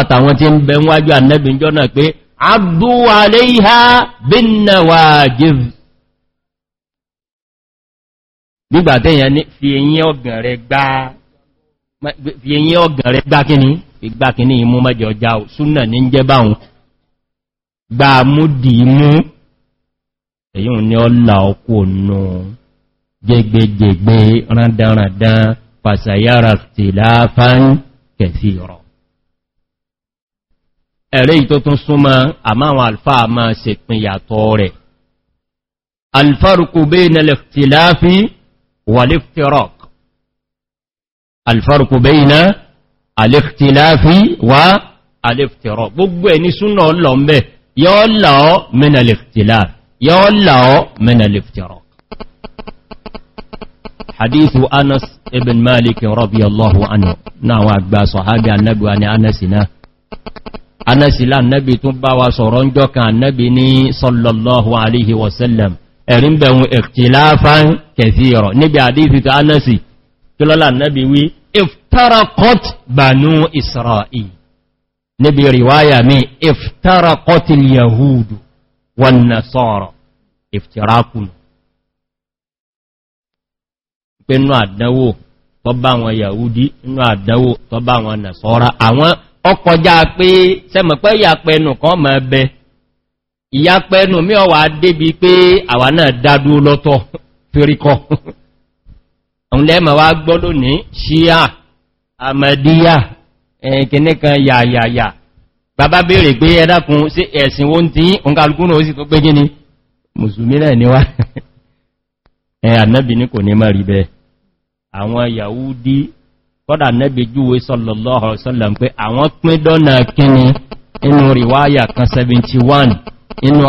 àtàwọn tí ń bẹ wájú anẹ́bì jọ́nà pé abdúwàléhá bínàwàjív mú èyí ò ní ọlá ọkú ònà jẹgbẹjẹgbẹ rándanrandan pàṣàyára tìláfán kẹfì rọ̀ ẹ̀rẹ́ ìtò tún súnmọ́ àmáwọn alfáà máa se pin yàtọ̀ rẹ̀ alfarku bayna al-ikhtilafi wal-iftiraq alfarku gbogbo ẹni súnà ọlọ́m̀bẹ̀ yọ́ lọ́ min al يولاو من الافتراق حديث أنس ابن مالك رضي الله عنه نعو أكبا صحابي النبي عن أنسنا أنس لا النبي تبا وصرنجو كان نبي صلى الله عليه وسلم ارنبه اختلافا كثيرا نبي حديث أنس قال النبي وي افترقت بنو إسرائيل نبي رواية من افترقت اليهود wọn na sọ́rọ̀ ìfìtìrákùn pé inú àdánwò tó bá wọn yahudi inú àdánwò tó bá wọn na sọ́rọ̀ àwọn ọkọjá pé sẹ́mọ̀pẹ́ ìyàpẹnu kan mọ̀ ẹbẹ ìyàpẹnu mí ọwà débi pé àwà náà dádú lọ́tọ̀ fíríkọ òun lẹ́mọ̀ wá gbọ́lónìí ṣíà àmàdíyà ẹ̀kìnníkan yàyàyà bàbá béèrè pé ẹ̀dàkùn sí ẹ̀sìn wọ́n tí òun kàlùkùn náà ó sì tó pé gíní mùsùlùmí náà níwá ẹ̀ ànẹ́bì ní kò ní má rí bẹ́ àwọn yahudi kọ́dà nẹ́bì júwe sọ́lọ̀lọ́họ̀ sọ́lọ̀ pé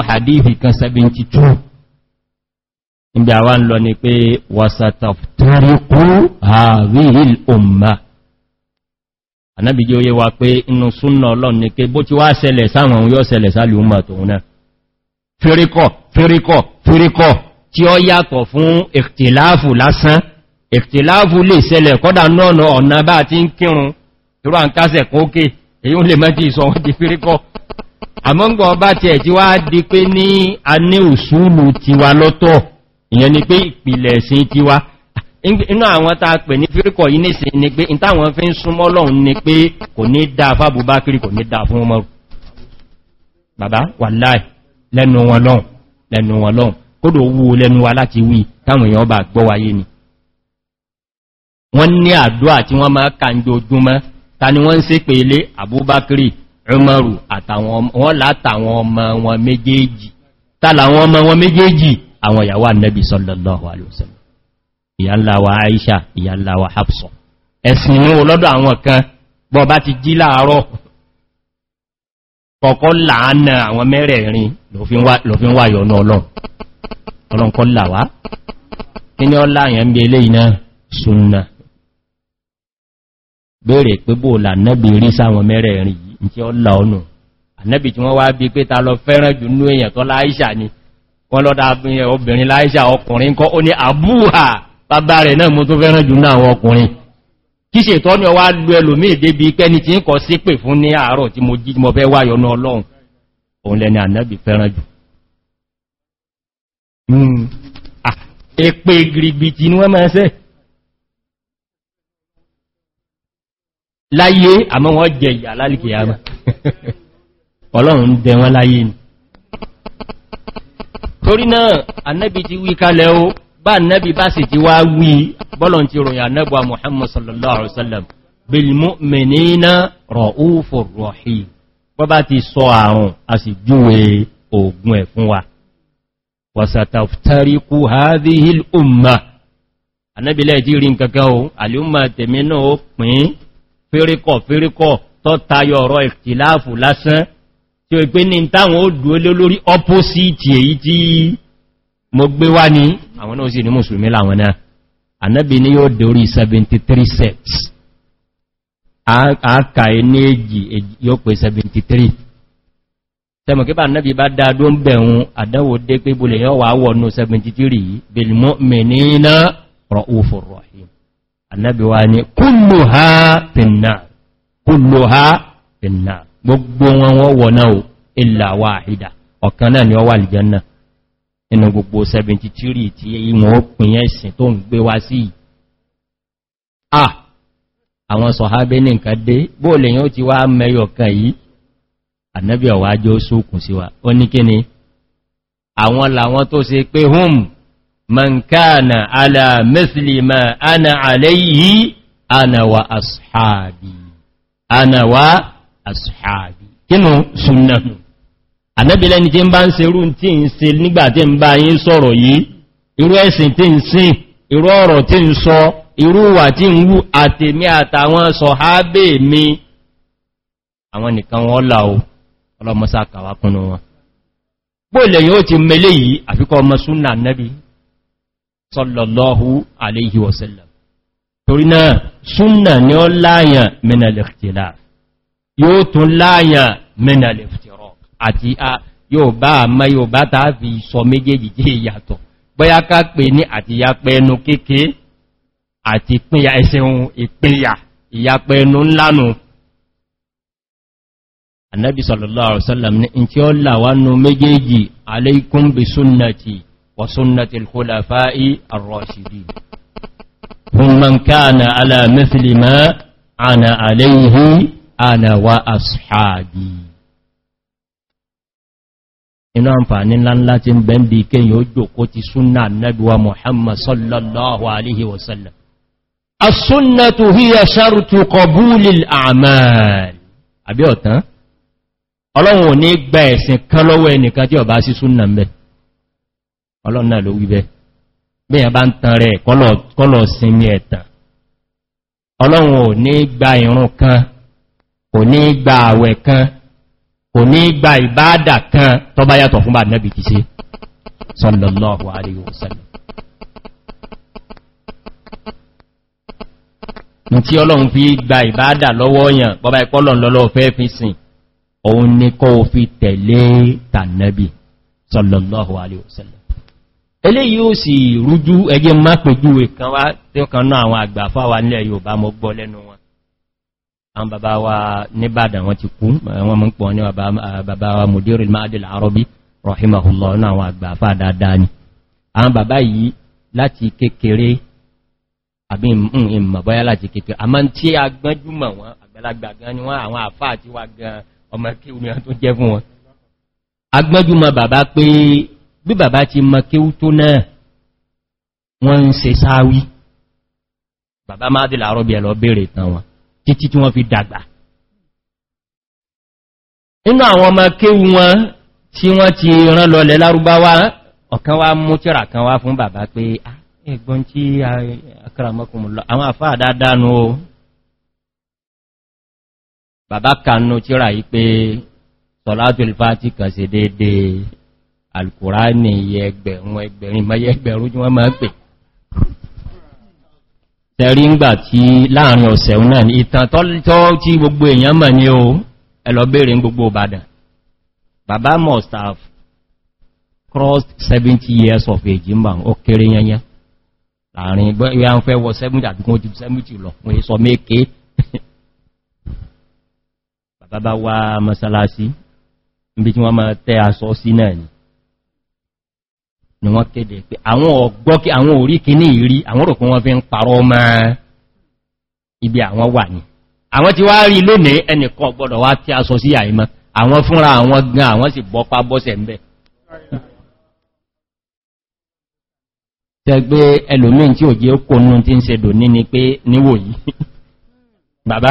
hadithi kan 72 ibi àwọn lọ ni pé wasataftarikú hadhihi ànábì jẹ́ oyé wa pé inú súnnà ọlọ́run ní pé bó ti wá ṣẹlẹ̀ sáwọn ohun yóò ṣẹlẹ̀ sálù ọmọ tòun náà fíríkọ̀ fíríkọ̀ fíríkọ̀ tí ó yàtọ̀ fún ìkìláàfù lásán ìkìláàfù lè ṣẹlẹ̀ kọ́dà náà ọ̀nà bá ti ń kírun irú àǹkásẹ̀ kókè èyí lè mẹ́jì ni pé ìpìlẹ̀ sí inú àwọn ta pè ní fíríkọ̀ yìí ní ìsìn ni pé in táwọn fi ń súnmọ́ lọ́un ni pé kò ní dáa fábúbákiri kò ní dáa fún ọmọ bàbá wà láì lẹ́nu wọn lọ́un lẹ́nu wọn lọ́un kódò wú lẹ́nu wa láti wí táwọn èèyàn bá gbọ́ wáyé ni wọ́n ní àdúà tí wọ́n máa kànjọ ojúmọ́ ta ni wọ́n ń sé pé ìyànláwà aisha ìyànláwà hapsọ ẹ̀sìn ní olọ́dọ̀ àwọn kan bọ́ bá ti jí láàárọ̀ kọ̀kọ́ láàánà àwọn mẹ́rẹ̀ẹ̀rin lòfin wà yọ̀nà ọlọ́n ọlọ́nkọ́ làwá kí ni ọlá àyàn bí ilé iná sunna bèèrè pé bó lànàbì rí sáwọn mẹ́rẹ̀ẹ̀rin yìí tí ọlá ọnù ànàbì tí wọ́n wá bí pé ta lọ fẹ́ràn jù nú èèyàn tọ́lá aisha ni wọ́n lọ́dá obìnrin láìsà ọkùnrin kọ́ ó ní àbúhà bàbá rẹ̀ náà mo tó fẹ́ràn jù náà àwọn ọkùnrin kí ṣe tọ́ ní ọwá lú ẹlòmí ìdébi pẹ́ni tí ń kọ sí pè fún ní àárọ̀ tí mo jí mọ́ fẹ́ wá yọnú ọlọ́run òun lẹni ànábì fẹ́ràn jù hmm. èpè gìrìgbìtì ni wọ́n máa ṣẹ́ láyé àmọ́ wọ́n jẹ ìyà lálìkì àmà ọlọ́run dẹ wọ́n láyé ni torí náà ànábì ti wí o bá nẹ́bí bá sì ti wá wí bọ́lọ̀ ti ròyìn anẹ́bà muhammad sallallahu alaihi wasallam bilmú menina rọ̀úfò rọ̀hì wọ́n bá ti sọ àrùn a sì júwe ogun ẹ̀ fún wa wàsàtàftàríkú hádìí umma anẹ́bílẹ̀ tí rí nkankan o alìúmà tèmi ó pín fíríkọ̀ fíríkọ̀ tó tayọ ọ̀rọ̀ ìtìláàfù lásán tí ó ìpé ní táwọn ó dúó lórí ọpọ́sìtì èyí tí mo gbé wá ní àwọn náà sí ní mùsùlùmí láwọn náà ànábì ní yóò dórí 73 sets àákà ní èjì yóò pé 73 tẹ́mọ̀ kí bá ànábì bá dáadó ń bẹ̀rún àdánwò dé pé búlẹ̀ yọ́ wà wọ̀nú ní kúlò ha pìnà kúlò nínú gbogbo 73 tí wọ́n pín ẹ̀sìn tó ń gbé wá sí ah àwọn sọ̀hábé ní nǹkan dé bó lè yán ti wá mẹ́yọ kan yìí ànábí ọ̀wá jẹ́ sókùn sí wa ó ní kí ni àwọn làwọn tó se pé hùm mọ̀nkánà alàmẹ́sìlìmọ̀ ànẹ́bìlẹ́ ni tí ń bá ń se irú tí ń se nígbàtí ń bá yí sọ̀rọ̀ yìí irú ẹ̀sìn tí ń sin irú ọ̀rọ̀ tí ń sọ irú wà tí ń wú àtèmí àtàwọn sọ̀hábè mi àwọn nìkan wọ́n là ó ọlọ́mọsá kàwà kúnnú wọn bóòlẹ̀ yóò ti mẹ́lẹ̀ yìí àfikọ́ ọmọ súnà nẹ́bí àti yóò bá àmá yóò bá tàà fi sọ méjèèjì jẹ́ ìyàtọ̀ bóyá ká pè ní àti ìyapẹ ẹnu kéèké àti ìpínyà ẹsẹ̀hun ìpínyà ìyapẹ ẹnu ńlánù annabi sallallahu alaihi wasallam ní in tí ó làwánú méjèèjì alaykum bi sunnati wa ana alayhi ana wa ashabi inú àǹfàní ńláńlá ti ń bẹ̀m bí kéyìn ó jòkó ti súnnà nẹ́dùwa muhammad sallallahu alaihi wasallam asúnnàtù híyà ṣarùtù kọbúlìl àmàl àbí ọ̀tán ọlọ́run ò ní gba ẹ̀sìn kan lọ́wọ́ ẹnìkan tí ọba sí súnnà mẹ́ ọlọ́run náà ló kò ní gba ìbáadà kan tó bá yàtọ̀ fún bá nẹ́bì ti ṣe sọ́lọ̀lọ́wọ́ àríwọ̀sẹ̀lẹ̀ ní tí ọlọ́run fi gba ìbáadà lọ́wọ́ yàn bọ́bá ìpọ́lọ̀n lọ́lọ́ fẹ́ fi sìn òun ní kọ́ fi tẹ̀lé tànẹ́bì sọ́lọ̀lọ́wọ́ àríwọ̀sẹ̀lẹ̀ eléyìí ó sì rújú ẹgbẹ́ mápẹ̀júwe kan wá tí ó kan àwọn bàbá wa níbàdàn wọn ti kú wọn mọ́ pọ̀ ní bàbá wa mùdírì máàdìl àrọ́bí rọ̀hìmahùlọ́ ní àwọn àgbà fà dáadáa ni àwọn bàbá yìí láti kékeré àbí ìmọ̀bọ́yá láti kékeré a tí a gbọ́njúmọ̀ wọn àgbàlagbà ni wọ́n àwọn títí tí wọ́n fi dàgbà inú àwọn ọmọ kéwú wọn tí wọ́n ti rán lọlẹ̀ lárúbáwá ọ̀kan wá mú tíra kan wá fún bàbá pé ah, ẹgbọ́n tí akẹ́ràmọ́kùnmùlọ àwọn àfáà dáadáanú o bàbá kanú tíra yí pé sọ̀látùlfà tẹ̀rí ńgbà tí láàrin ọ̀sẹ̀ náà ní ìtàn tọ́ tí gbogbo èèyàn mọ̀ ní o ẹlọ́bẹ̀rẹ̀ gbogbo ìbàdàn bàbá must have crossed 70 years of age ń bà ó kéré yányá láàrin ìgbẹ́ ń fẹ́ wọ 70 àdúgbò jù 70 lọ wọ́n sọ méèké bàbá bá wá mọ́sálásí níbi tí ni wọ́n kéde pé àwọn ọ̀gbọ́ kí àwọn orí kí ní ìrí àwọn rò kún wọ́n fi ń parọ́ ọmọ ibi àwọn wà ní àwọn tí wá rí lónìí ẹnìkan gbọ́dọ̀ wá tí a sọ sí àìmọ́ àwọn fúnra àwọn gan àwọn sì bọ́pá bọ́sẹ̀ ń bẹ̀ tẹgbé ẹlòmín tí ò jẹ́ kónú tí ń sedò ní pé níwò yìí bàbá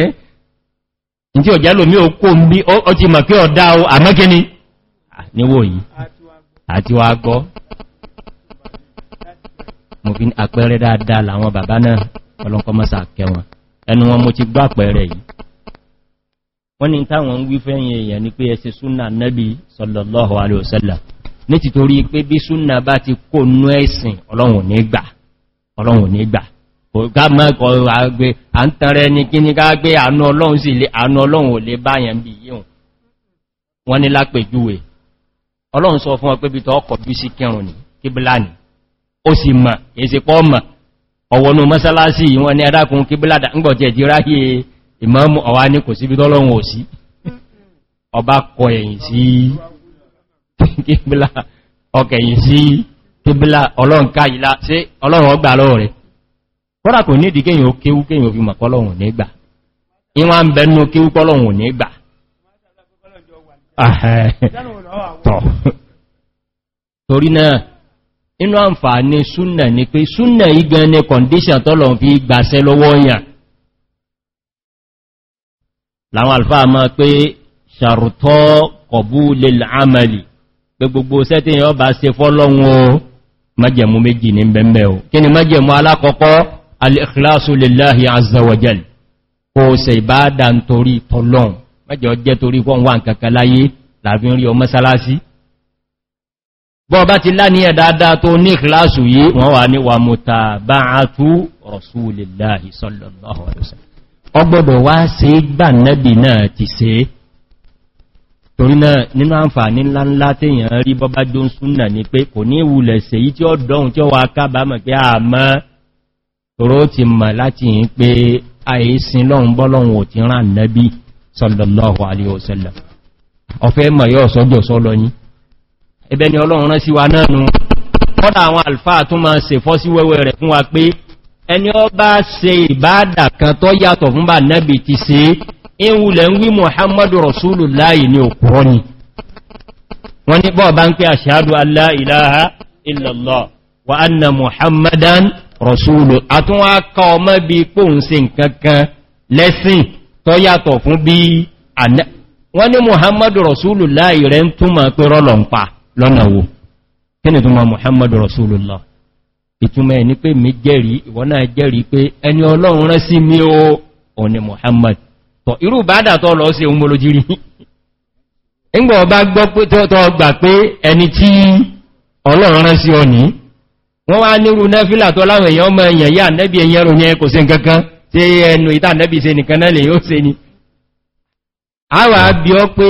ẹ́ tí ò jẹ́ lòmí ò kó ń bí ó ti mọ̀ pé ọ̀dá àmọ́kíní níwò yìí àti wà gọ́ mo fi àpẹẹrẹ dáadáa làwọn bàbá náà ọlọ́nkọ́ mọ́sà kẹwọn ẹnu wọn mo ti gbá àpẹẹrẹ yìí wọ́n ni táwọn ń wí fẹ́yìn èèyàn ni pé ẹsẹ súnà nẹ́bí sọlọ̀lọ́họ̀ alẹ́òsẹ́là ní ti torí pé bí súnà bá ti kó nú ẹ̀sìn ọlọ́run ní gbà ká ní ọlọ́run sọ fún ọpẹ́ bitọ̀ ọkọ̀ bí sí kẹrùn ní kíbílá ní ó sì mọ̀ èsì pọ́ mọ̀ ọ̀wọ̀nú mọ́sálásí ìwọ̀n ní adákun kíbílá ńgbọ̀tẹ̀ ti ráyé ìmọ́mù ọwá ní kò sí bitọ̀ ọlọ́run òsí ọba kọ ẹ̀yìn sí kíbílá ọkẹ̀yìn sí kíbílá ọlọ́run káyìlá sí ọlọ́run ọgbà tọ̀ torí náà inú àǹfààní súnà ni pé súnà igan ni kọ̀ndíṣàn tọ́lọ̀ fi gbàṣẹ lọ́wọ́ yàn láwọn alfáà mọ́ pé ṣàrùtọ́ kọ̀bú lè l'ámàlì pé gbogbo sẹ́tìyàn bá se fọ́lọ́run o májẹ̀mú méjì ní bẹ̀m̀bẹ̀ o kí ni májẹ̀mú alákọ̀ọ́kọ́ al-ikhlasu lillahi azza wa jal kò se ìbádà ń torí mẹ́jọ jẹ́ torí wọ́n wà nǹkankan láyé láàfin rí ọmọ sálásí bọ́ bá ti lá ní ẹ̀dáadáa tó ní ìkìláṣù yìí wọ́n wà ní wà mọ̀ta bá á tú rọ̀súlèláhì sọ́lọ̀lọ́ torí náà nínú àǹfààní ńláńlá téèyàn rí bọ́bá jó ń súnà ní pé kò ní ìwùlẹ̀ sèyí tí ó ti mọ̀ láti yìn pé àìsìn lọ́hun ti rán nẹ́bí sallallahu alayhi wa sallam ọ̀fẹ́ mọ̀ yóò sọ́jọ́ sọ́lọ yí ẹbẹ́ ni ọlọ́run rán sí wa náà nù kọ́dà àwọn alfáà tún máa se fọ́ sí wẹ́wẹ́ rẹ̀ fún wa pé ẹni ọ bá se ìbáadà kan tó yàtọ̀ fún bá nẹ́bì ti se ìwùlẹ̀ ń wí muhammadu rasulu láì ní òkúrọ́ ni wọ́n ní bọ́ bá ń pẹ́ àṣàdù aláìláha ìlọ̀lọ̀ tó yàtọ̀ fún bí wọ́n ní muhammadu rasulullah rẹ̀ ń túnmà pé rọ́lọ̀ ń pa lọ́nà wo kí ni túnmà muhammadu rasulullah ìtúnmẹ̀ ní pé mi jẹ́rì ìwọ́n náà jẹ́rì pé ẹni ọlọ́run rẹ́ sí mi o ò ní muhammad tọ̀ irú bádà tọ́ lọ sí omolojiri ìgbà ọba gbọ́ pé tọ́ gbà pé ẹni tí ọlọ́run rẹ́ sí ọ ní wọ́n wá nírú nẹ́fílà tọ́ tí ẹnu ìtànẹ́bì se nìkan náà lè yóò se ni a wà bí ọ pé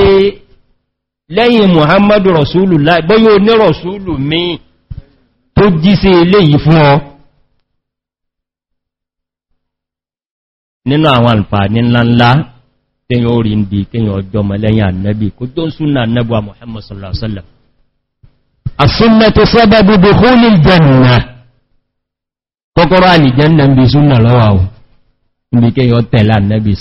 lẹ́yìn muhammadu rasulu bóyí o ní rasulu mi tó jí sí ilé yìí fún ọ nínú àwọn àǹfààní ńláńlá kíyàn orí ń di kíyàn ọjọ́ mọ̀lẹ́yìn ànẹ́bì kó tó ń súnà ànẹ́bùwa muhammadu sallallahu alaihi wasallam asúnnẹ́tò sábàbí bí kó súnà lọ́wọ́ níbi kí yọ tẹ̀lá nẹ́bí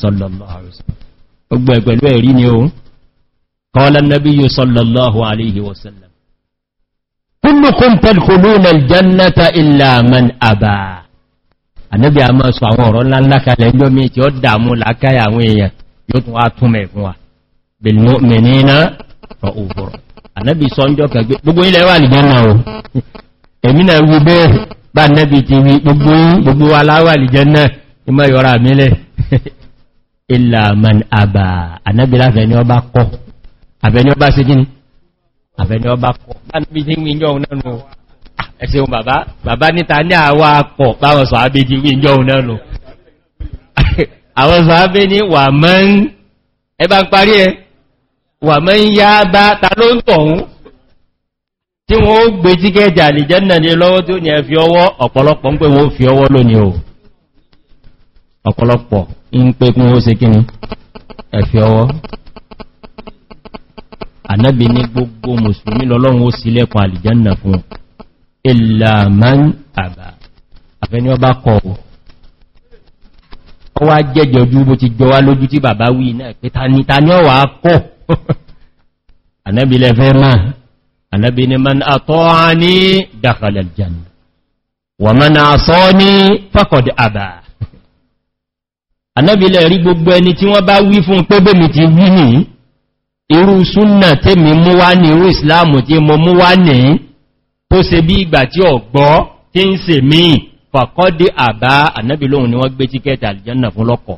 sọ́lọ̀lọ́hù aléhì wasallam kullukum tadkhuluna aljannata illa man aba anabi a ma sọ àwọn ọ̀rọ̀ ńlá ńlá kalẹ̀ ẹjọ́ mi tí ó dàmú làákàyà àwọn èèyàn yóò tún wá túnmẹ̀ fún wa bilmu'minina ra'ufur anabi sọ ńjọ́ kẹgbẹ́ gbogbo ilẹ̀ wà nìyàn náà o èmi náà wú bẹ́ẹ̀ bá nẹ́bi ti wí gbogbo wa láwà nìyàn náà ìmọ̀ yọ́ra mílẹ̀ ìlàmàn àbà ànábìlá àfẹ́ni ọba kọ́ àfẹ́ni ọba sí gíní àfẹ́ni ọba kọ́ bá níbi tí ń yọ òun náà ẹ̀sìn bàbá bàbá níta ní àwọ́ akọ̀ báwọn sọ̀ábé ti wí yọ òun náà àwọn sọ̀ábé ní wà mọ́n ẹbá ń parí ẹ wà mọ́n yá bá ta ló ń tọ̀hún ẹ ọ̀pọ̀lọpọ̀ in pé kún ó se kíni ẹ̀fẹ́ ọwọ́ ànábì ní gbogbo mùsùlùmí lọ́lọ́run ó sílẹ̀kùn àlìjánà fún ìlàmán àbà àfẹ́ni ọba kọ̀ ó wá jẹ́jọ ojú bó ti jọ wá lójú tí bàbá wí náà pé ni ta ni ọwà kọ̀ ànábì lẹ́fẹ́ máa ànábì ni man àtọ́ á ní dàkàlẹ̀ jàn anábìlẹ̀ rí gbogbo ẹni tí wọ́n bá wí fún pé bèmì ti wí ní irú súnnà tèmi mú wá ní irú ìsìláàmù tí mo mú wá ní tó se bí ìgbà tí ọ̀gbọ́ tí ń se mí fàkọ́dé àbá anábìlóhun ni wọ́n gbé tíkẹ́ẹ̀tì àlìjánà fún lọ́kọ̀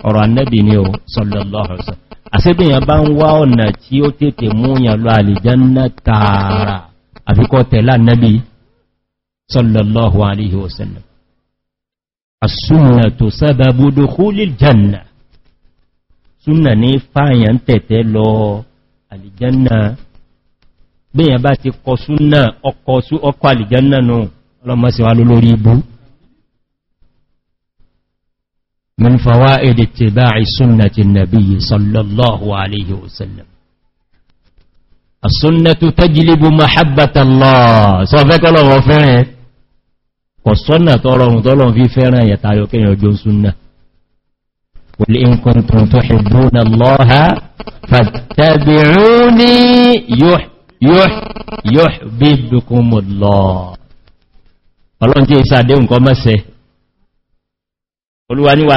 sallallahu anábì ni ó sọlọ́lọ́rọ̀sọ àṣẹ́bìyàn bá ń wá ọ̀nà tí ó tètè múyàn lọ àlìjánà asúnà tó sábà búdó kúlì jannà súnà ní fáyàn tẹ̀tẹ̀ lọ alìjanna bíyàn bá ti kọ súnà ọkọ̀ alìjanna nù ọlọ́mọsíwá lórí ibú من فوائد اتباع سنة النبي صلى الله عليه وسلم السنة تجلب محبة الله سوف الله وفعه kọ̀ sọ́nà tọ́rọrùn tọ́lọ̀n fi fẹ́ràn yẹ tayọ kíyàn ojú súnnà wòlé nǹkan tó tó ṣùgbọ́n na lọ́ha fàtàbìrú ní yóò bí dùkúnmù lọ ọlọ́n tí ìsàdé nǹkan mẹ́sẹ̀ olúwa níwà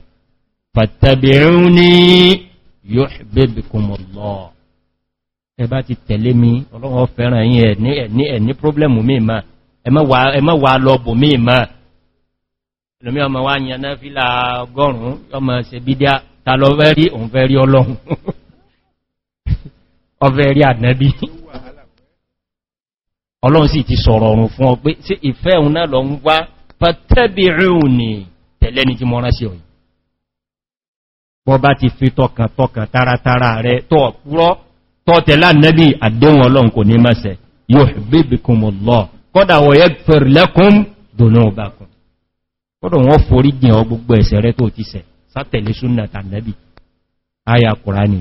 fàtàbìrún ní yóò bébì kò mọ̀ lọ ẹbá ti tẹ̀lé mi ọlọ́wọ́ fẹ́ràn yí ẹ̀ní ẹ̀ní pọ́blẹ̀mù mímá ẹmọ́ wà lọ́bù mímá ẹlòmí ọmọ wá yànná fílà ọgọ́rùn-ún ọmọ ṣe bí díá ta lọ fẹ́ rí òun fẹ́ rí ọlọ́run ọfẹ́ rí àdẹ́bí bọ́ bá ti fi tọkàn tọkàn taratara rẹ tọ́ púrọ́ tọ́ tẹ̀lá nẹ́bí àdéhùn ọlọ́run kò ní mẹ́sẹ̀ yóò bébì kún mọ̀ lọ kọ́dà wọ́n yẹ́ fẹ̀rẹ̀ lẹ́kún dùnú ọbakùn kọ́dọ̀ wọ́n forí jìn ọ gbogbo ẹ̀sẹ̀ rẹ tó ti sẹ̀ sátẹ̀lé súnà tànẹ́bì aya kùránì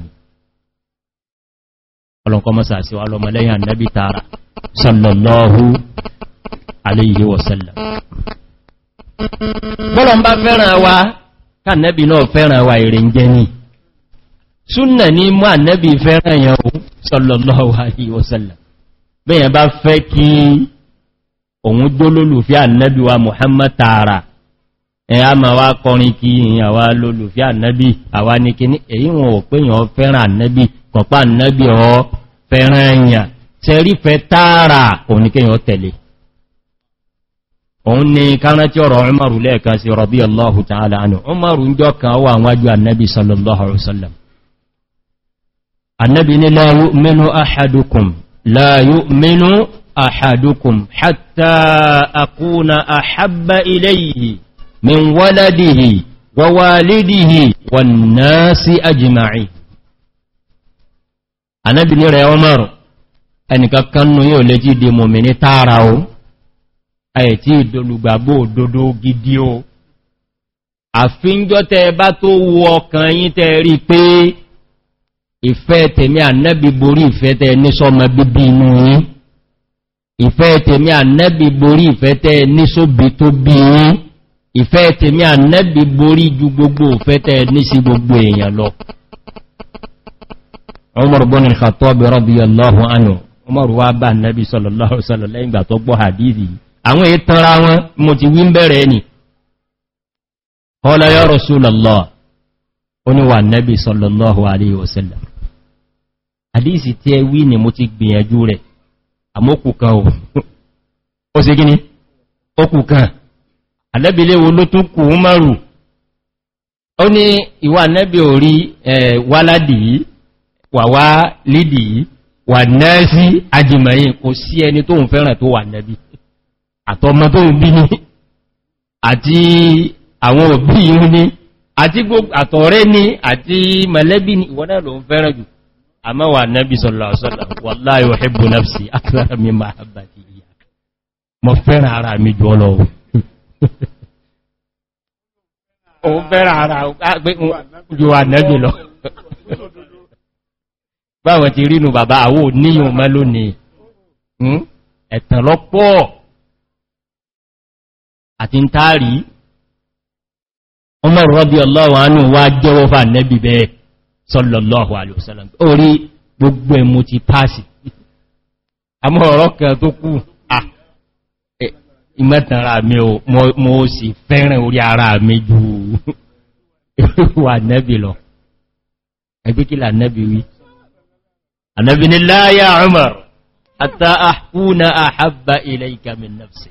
ọlọ́nkọ́ kánẹ́bì náà fẹ́ràn wà èrè ń jẹ́ ní súnnà ní mú ànẹ́bì fẹ́ràn yàn ó sọlọ̀lọ́wà ìwọ̀sẹ̀lẹ̀ bẹ́yàn bá fẹ́ kí òun jólólùfí wa muhammad tààrà ẹ̀ a ma wá kọrin kí àwá lólùfí ànẹ́bì àwá ní kíní èyí wọn ò pé yàn fẹ́ràn ànẹ́bì kọ̀pá ànẹ́bì ọ fẹ́ràn tààrà òun ni kárán tí ọ̀rọ̀ ọmọrù lẹ́ẹ̀kan sí rọ̀bí aláhù tààlà ánù ọmọrù ń jọ kan wà wájú annabi sallallahu alaihi wasallam annabi ni láyú mínú àhàdùkùn láyú mínú àhàdùkùn hàtà àkúnà àhàbà iléyìí min wáládìí wọ́wálídìí wọ̀nà sí ajima'i annabi ni rẹ̀ ọmọrù ẹnìkan yóò lè jí di mọ̀mìnì tààrà ohun ẹ̀tí ìdolùgbàgbò òdodo gidi o àfíńjọ́ tẹ bá tó wo ọkàn yí tẹ rí pé ìfẹ́ tèmi ànẹ́bì borí ìfẹ́ tẹ níṣọ́mọ bíbí inú yí ìfẹ́ tèmi ànẹ́bì borí ìfẹ́ tẹ níṣóbi tó bí yí ìfẹ́ tèmi ànẹ́bì borí ju gbogbo ìfẹ́ tẹ níṣí gbogbo èèyàn lọ Umar bin al-Khattab Nabi sallallahu alaihi wasallam lẹ́yìn ìgbà tó gbọ́ hadithi àwọn ètànra wọn mo ti wí ń bẹ̀rẹ̀ ẹni ọlọ́yọ́ rọ̀súlọ́lọ́ oníwà nẹ́bí sọlọ́lọ́hù àríwọ̀sẹ́lẹ̀ àdíìsì tí ẹ wí ni mo ti gbìyànjú rẹ̀ àmókù kan ò ó sì gíní ókù kan orí yìí kò sí ẹni tó ń fẹ́ràn tó wà nẹ́bí àtọmọ tó ń bí ní àti àwọn òbí yìí ní àti àtọ̀rẹ́ ní àti mẹ̀lẹ́bí ní ìwọ́n náà ló ń fẹ́ràn jù àmọ́wà nẹ́bí sọ̀lọ̀ òun fẹ́ràn ara àgbé ah, ju ànẹ́bì lọ báwọn ti rínú bàbá àwò níyàn mẹ́lónìí hmm? ẹ̀tàn lọ́pọ̀ àti ń táàrí ọmọ rọ́bí ọlọ́wọ́ anú wá jẹ́wọ́ fà nẹ́bí bẹ́ẹ̀ sọ́lọ̀lọ́wọ́ alìsọ́lọ̀ orí gbogbo ẹmú ti pàásì àmọ́ ọ̀rọ̀ kan tó kú ìmẹ́tànra mi o mo sì fẹ́rẹ̀ orí ara mi ju wà nẹ́bí lọ ẹgbẹ́ kí lànẹ́bí wí ànẹ́bí ni láyá ọmọ àtà àkúnà àhábà ilẹ̀ ìkàmì nafsi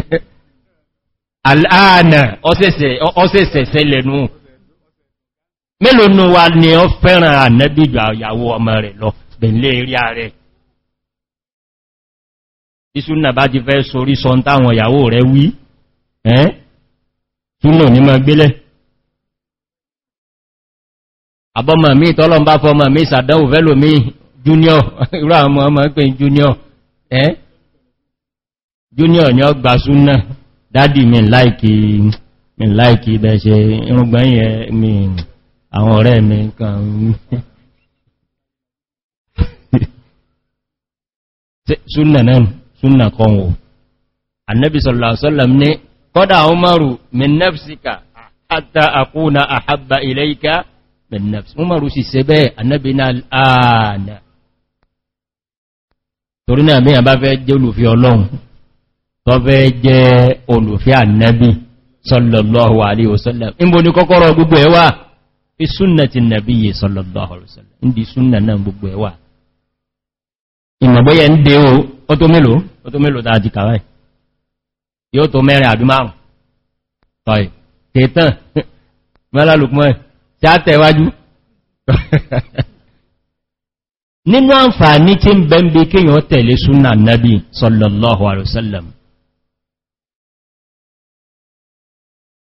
al'ana ọ́sẹ̀sẹ̀sẹ̀ lẹ́nu mélòó nù wa ni ọ fẹ́ràn ànẹ́bí ìyàwó ọmọ rẹ̀ lọ bẹ̀lẹ̀ rí ààrẹ ìsúnà bá ti fẹ́ sorí sọ táwọn ìyàwó rẹ̀ wí ẹ́n túnà ní ma gbélẹ̀ àbọ́mà mí tọ́lọ́mbá fọ́mà mí sàdánwò fẹ́lò mí junior irú àwọn ọmọ pé junior ẹ́n junior ni ọgbà súnà dádì mi láìkì mi láìkì ibẹ̀ ṣe irúgbọ́n yẹ mi àwọn ọ̀rẹ́ mi kan súnà náà súnà kan wò annabi sallallahu alaihi wasallam ní kọ́dà umaru min nafsika hatta akuna ahabba ilayka min nafsi umaru sì ṣe bẹ́ẹ̀ annabi na al'ana torí náà bí i àbáfẹ́ jẹ́ olùfẹ́ ọlọ́run tọ́fẹ́ jẹ́ olùfẹ́ ànẹ́bí sallallahu alaihi wasallam níbo ni kọ́kọ́rọ̀ gbogbo ẹwà fi súnnà ti nàbí yìí sallallahu alaihi wasallam ní súnnà náà gbogbo ẹwà ìmọ̀gbóyẹ ń dé o ọtó mélòó ọtó mélòó tàà ti kàwáì yóò tó mẹ́rin àbí márùn tọ́ì tẹ́tàn mẹ́lálùkmọ́ tí a tẹ̀wájú nínú àǹfààní tí ń bẹ́ ń kíyàn tẹ̀lé súnnà nàbí sallallahu alaihi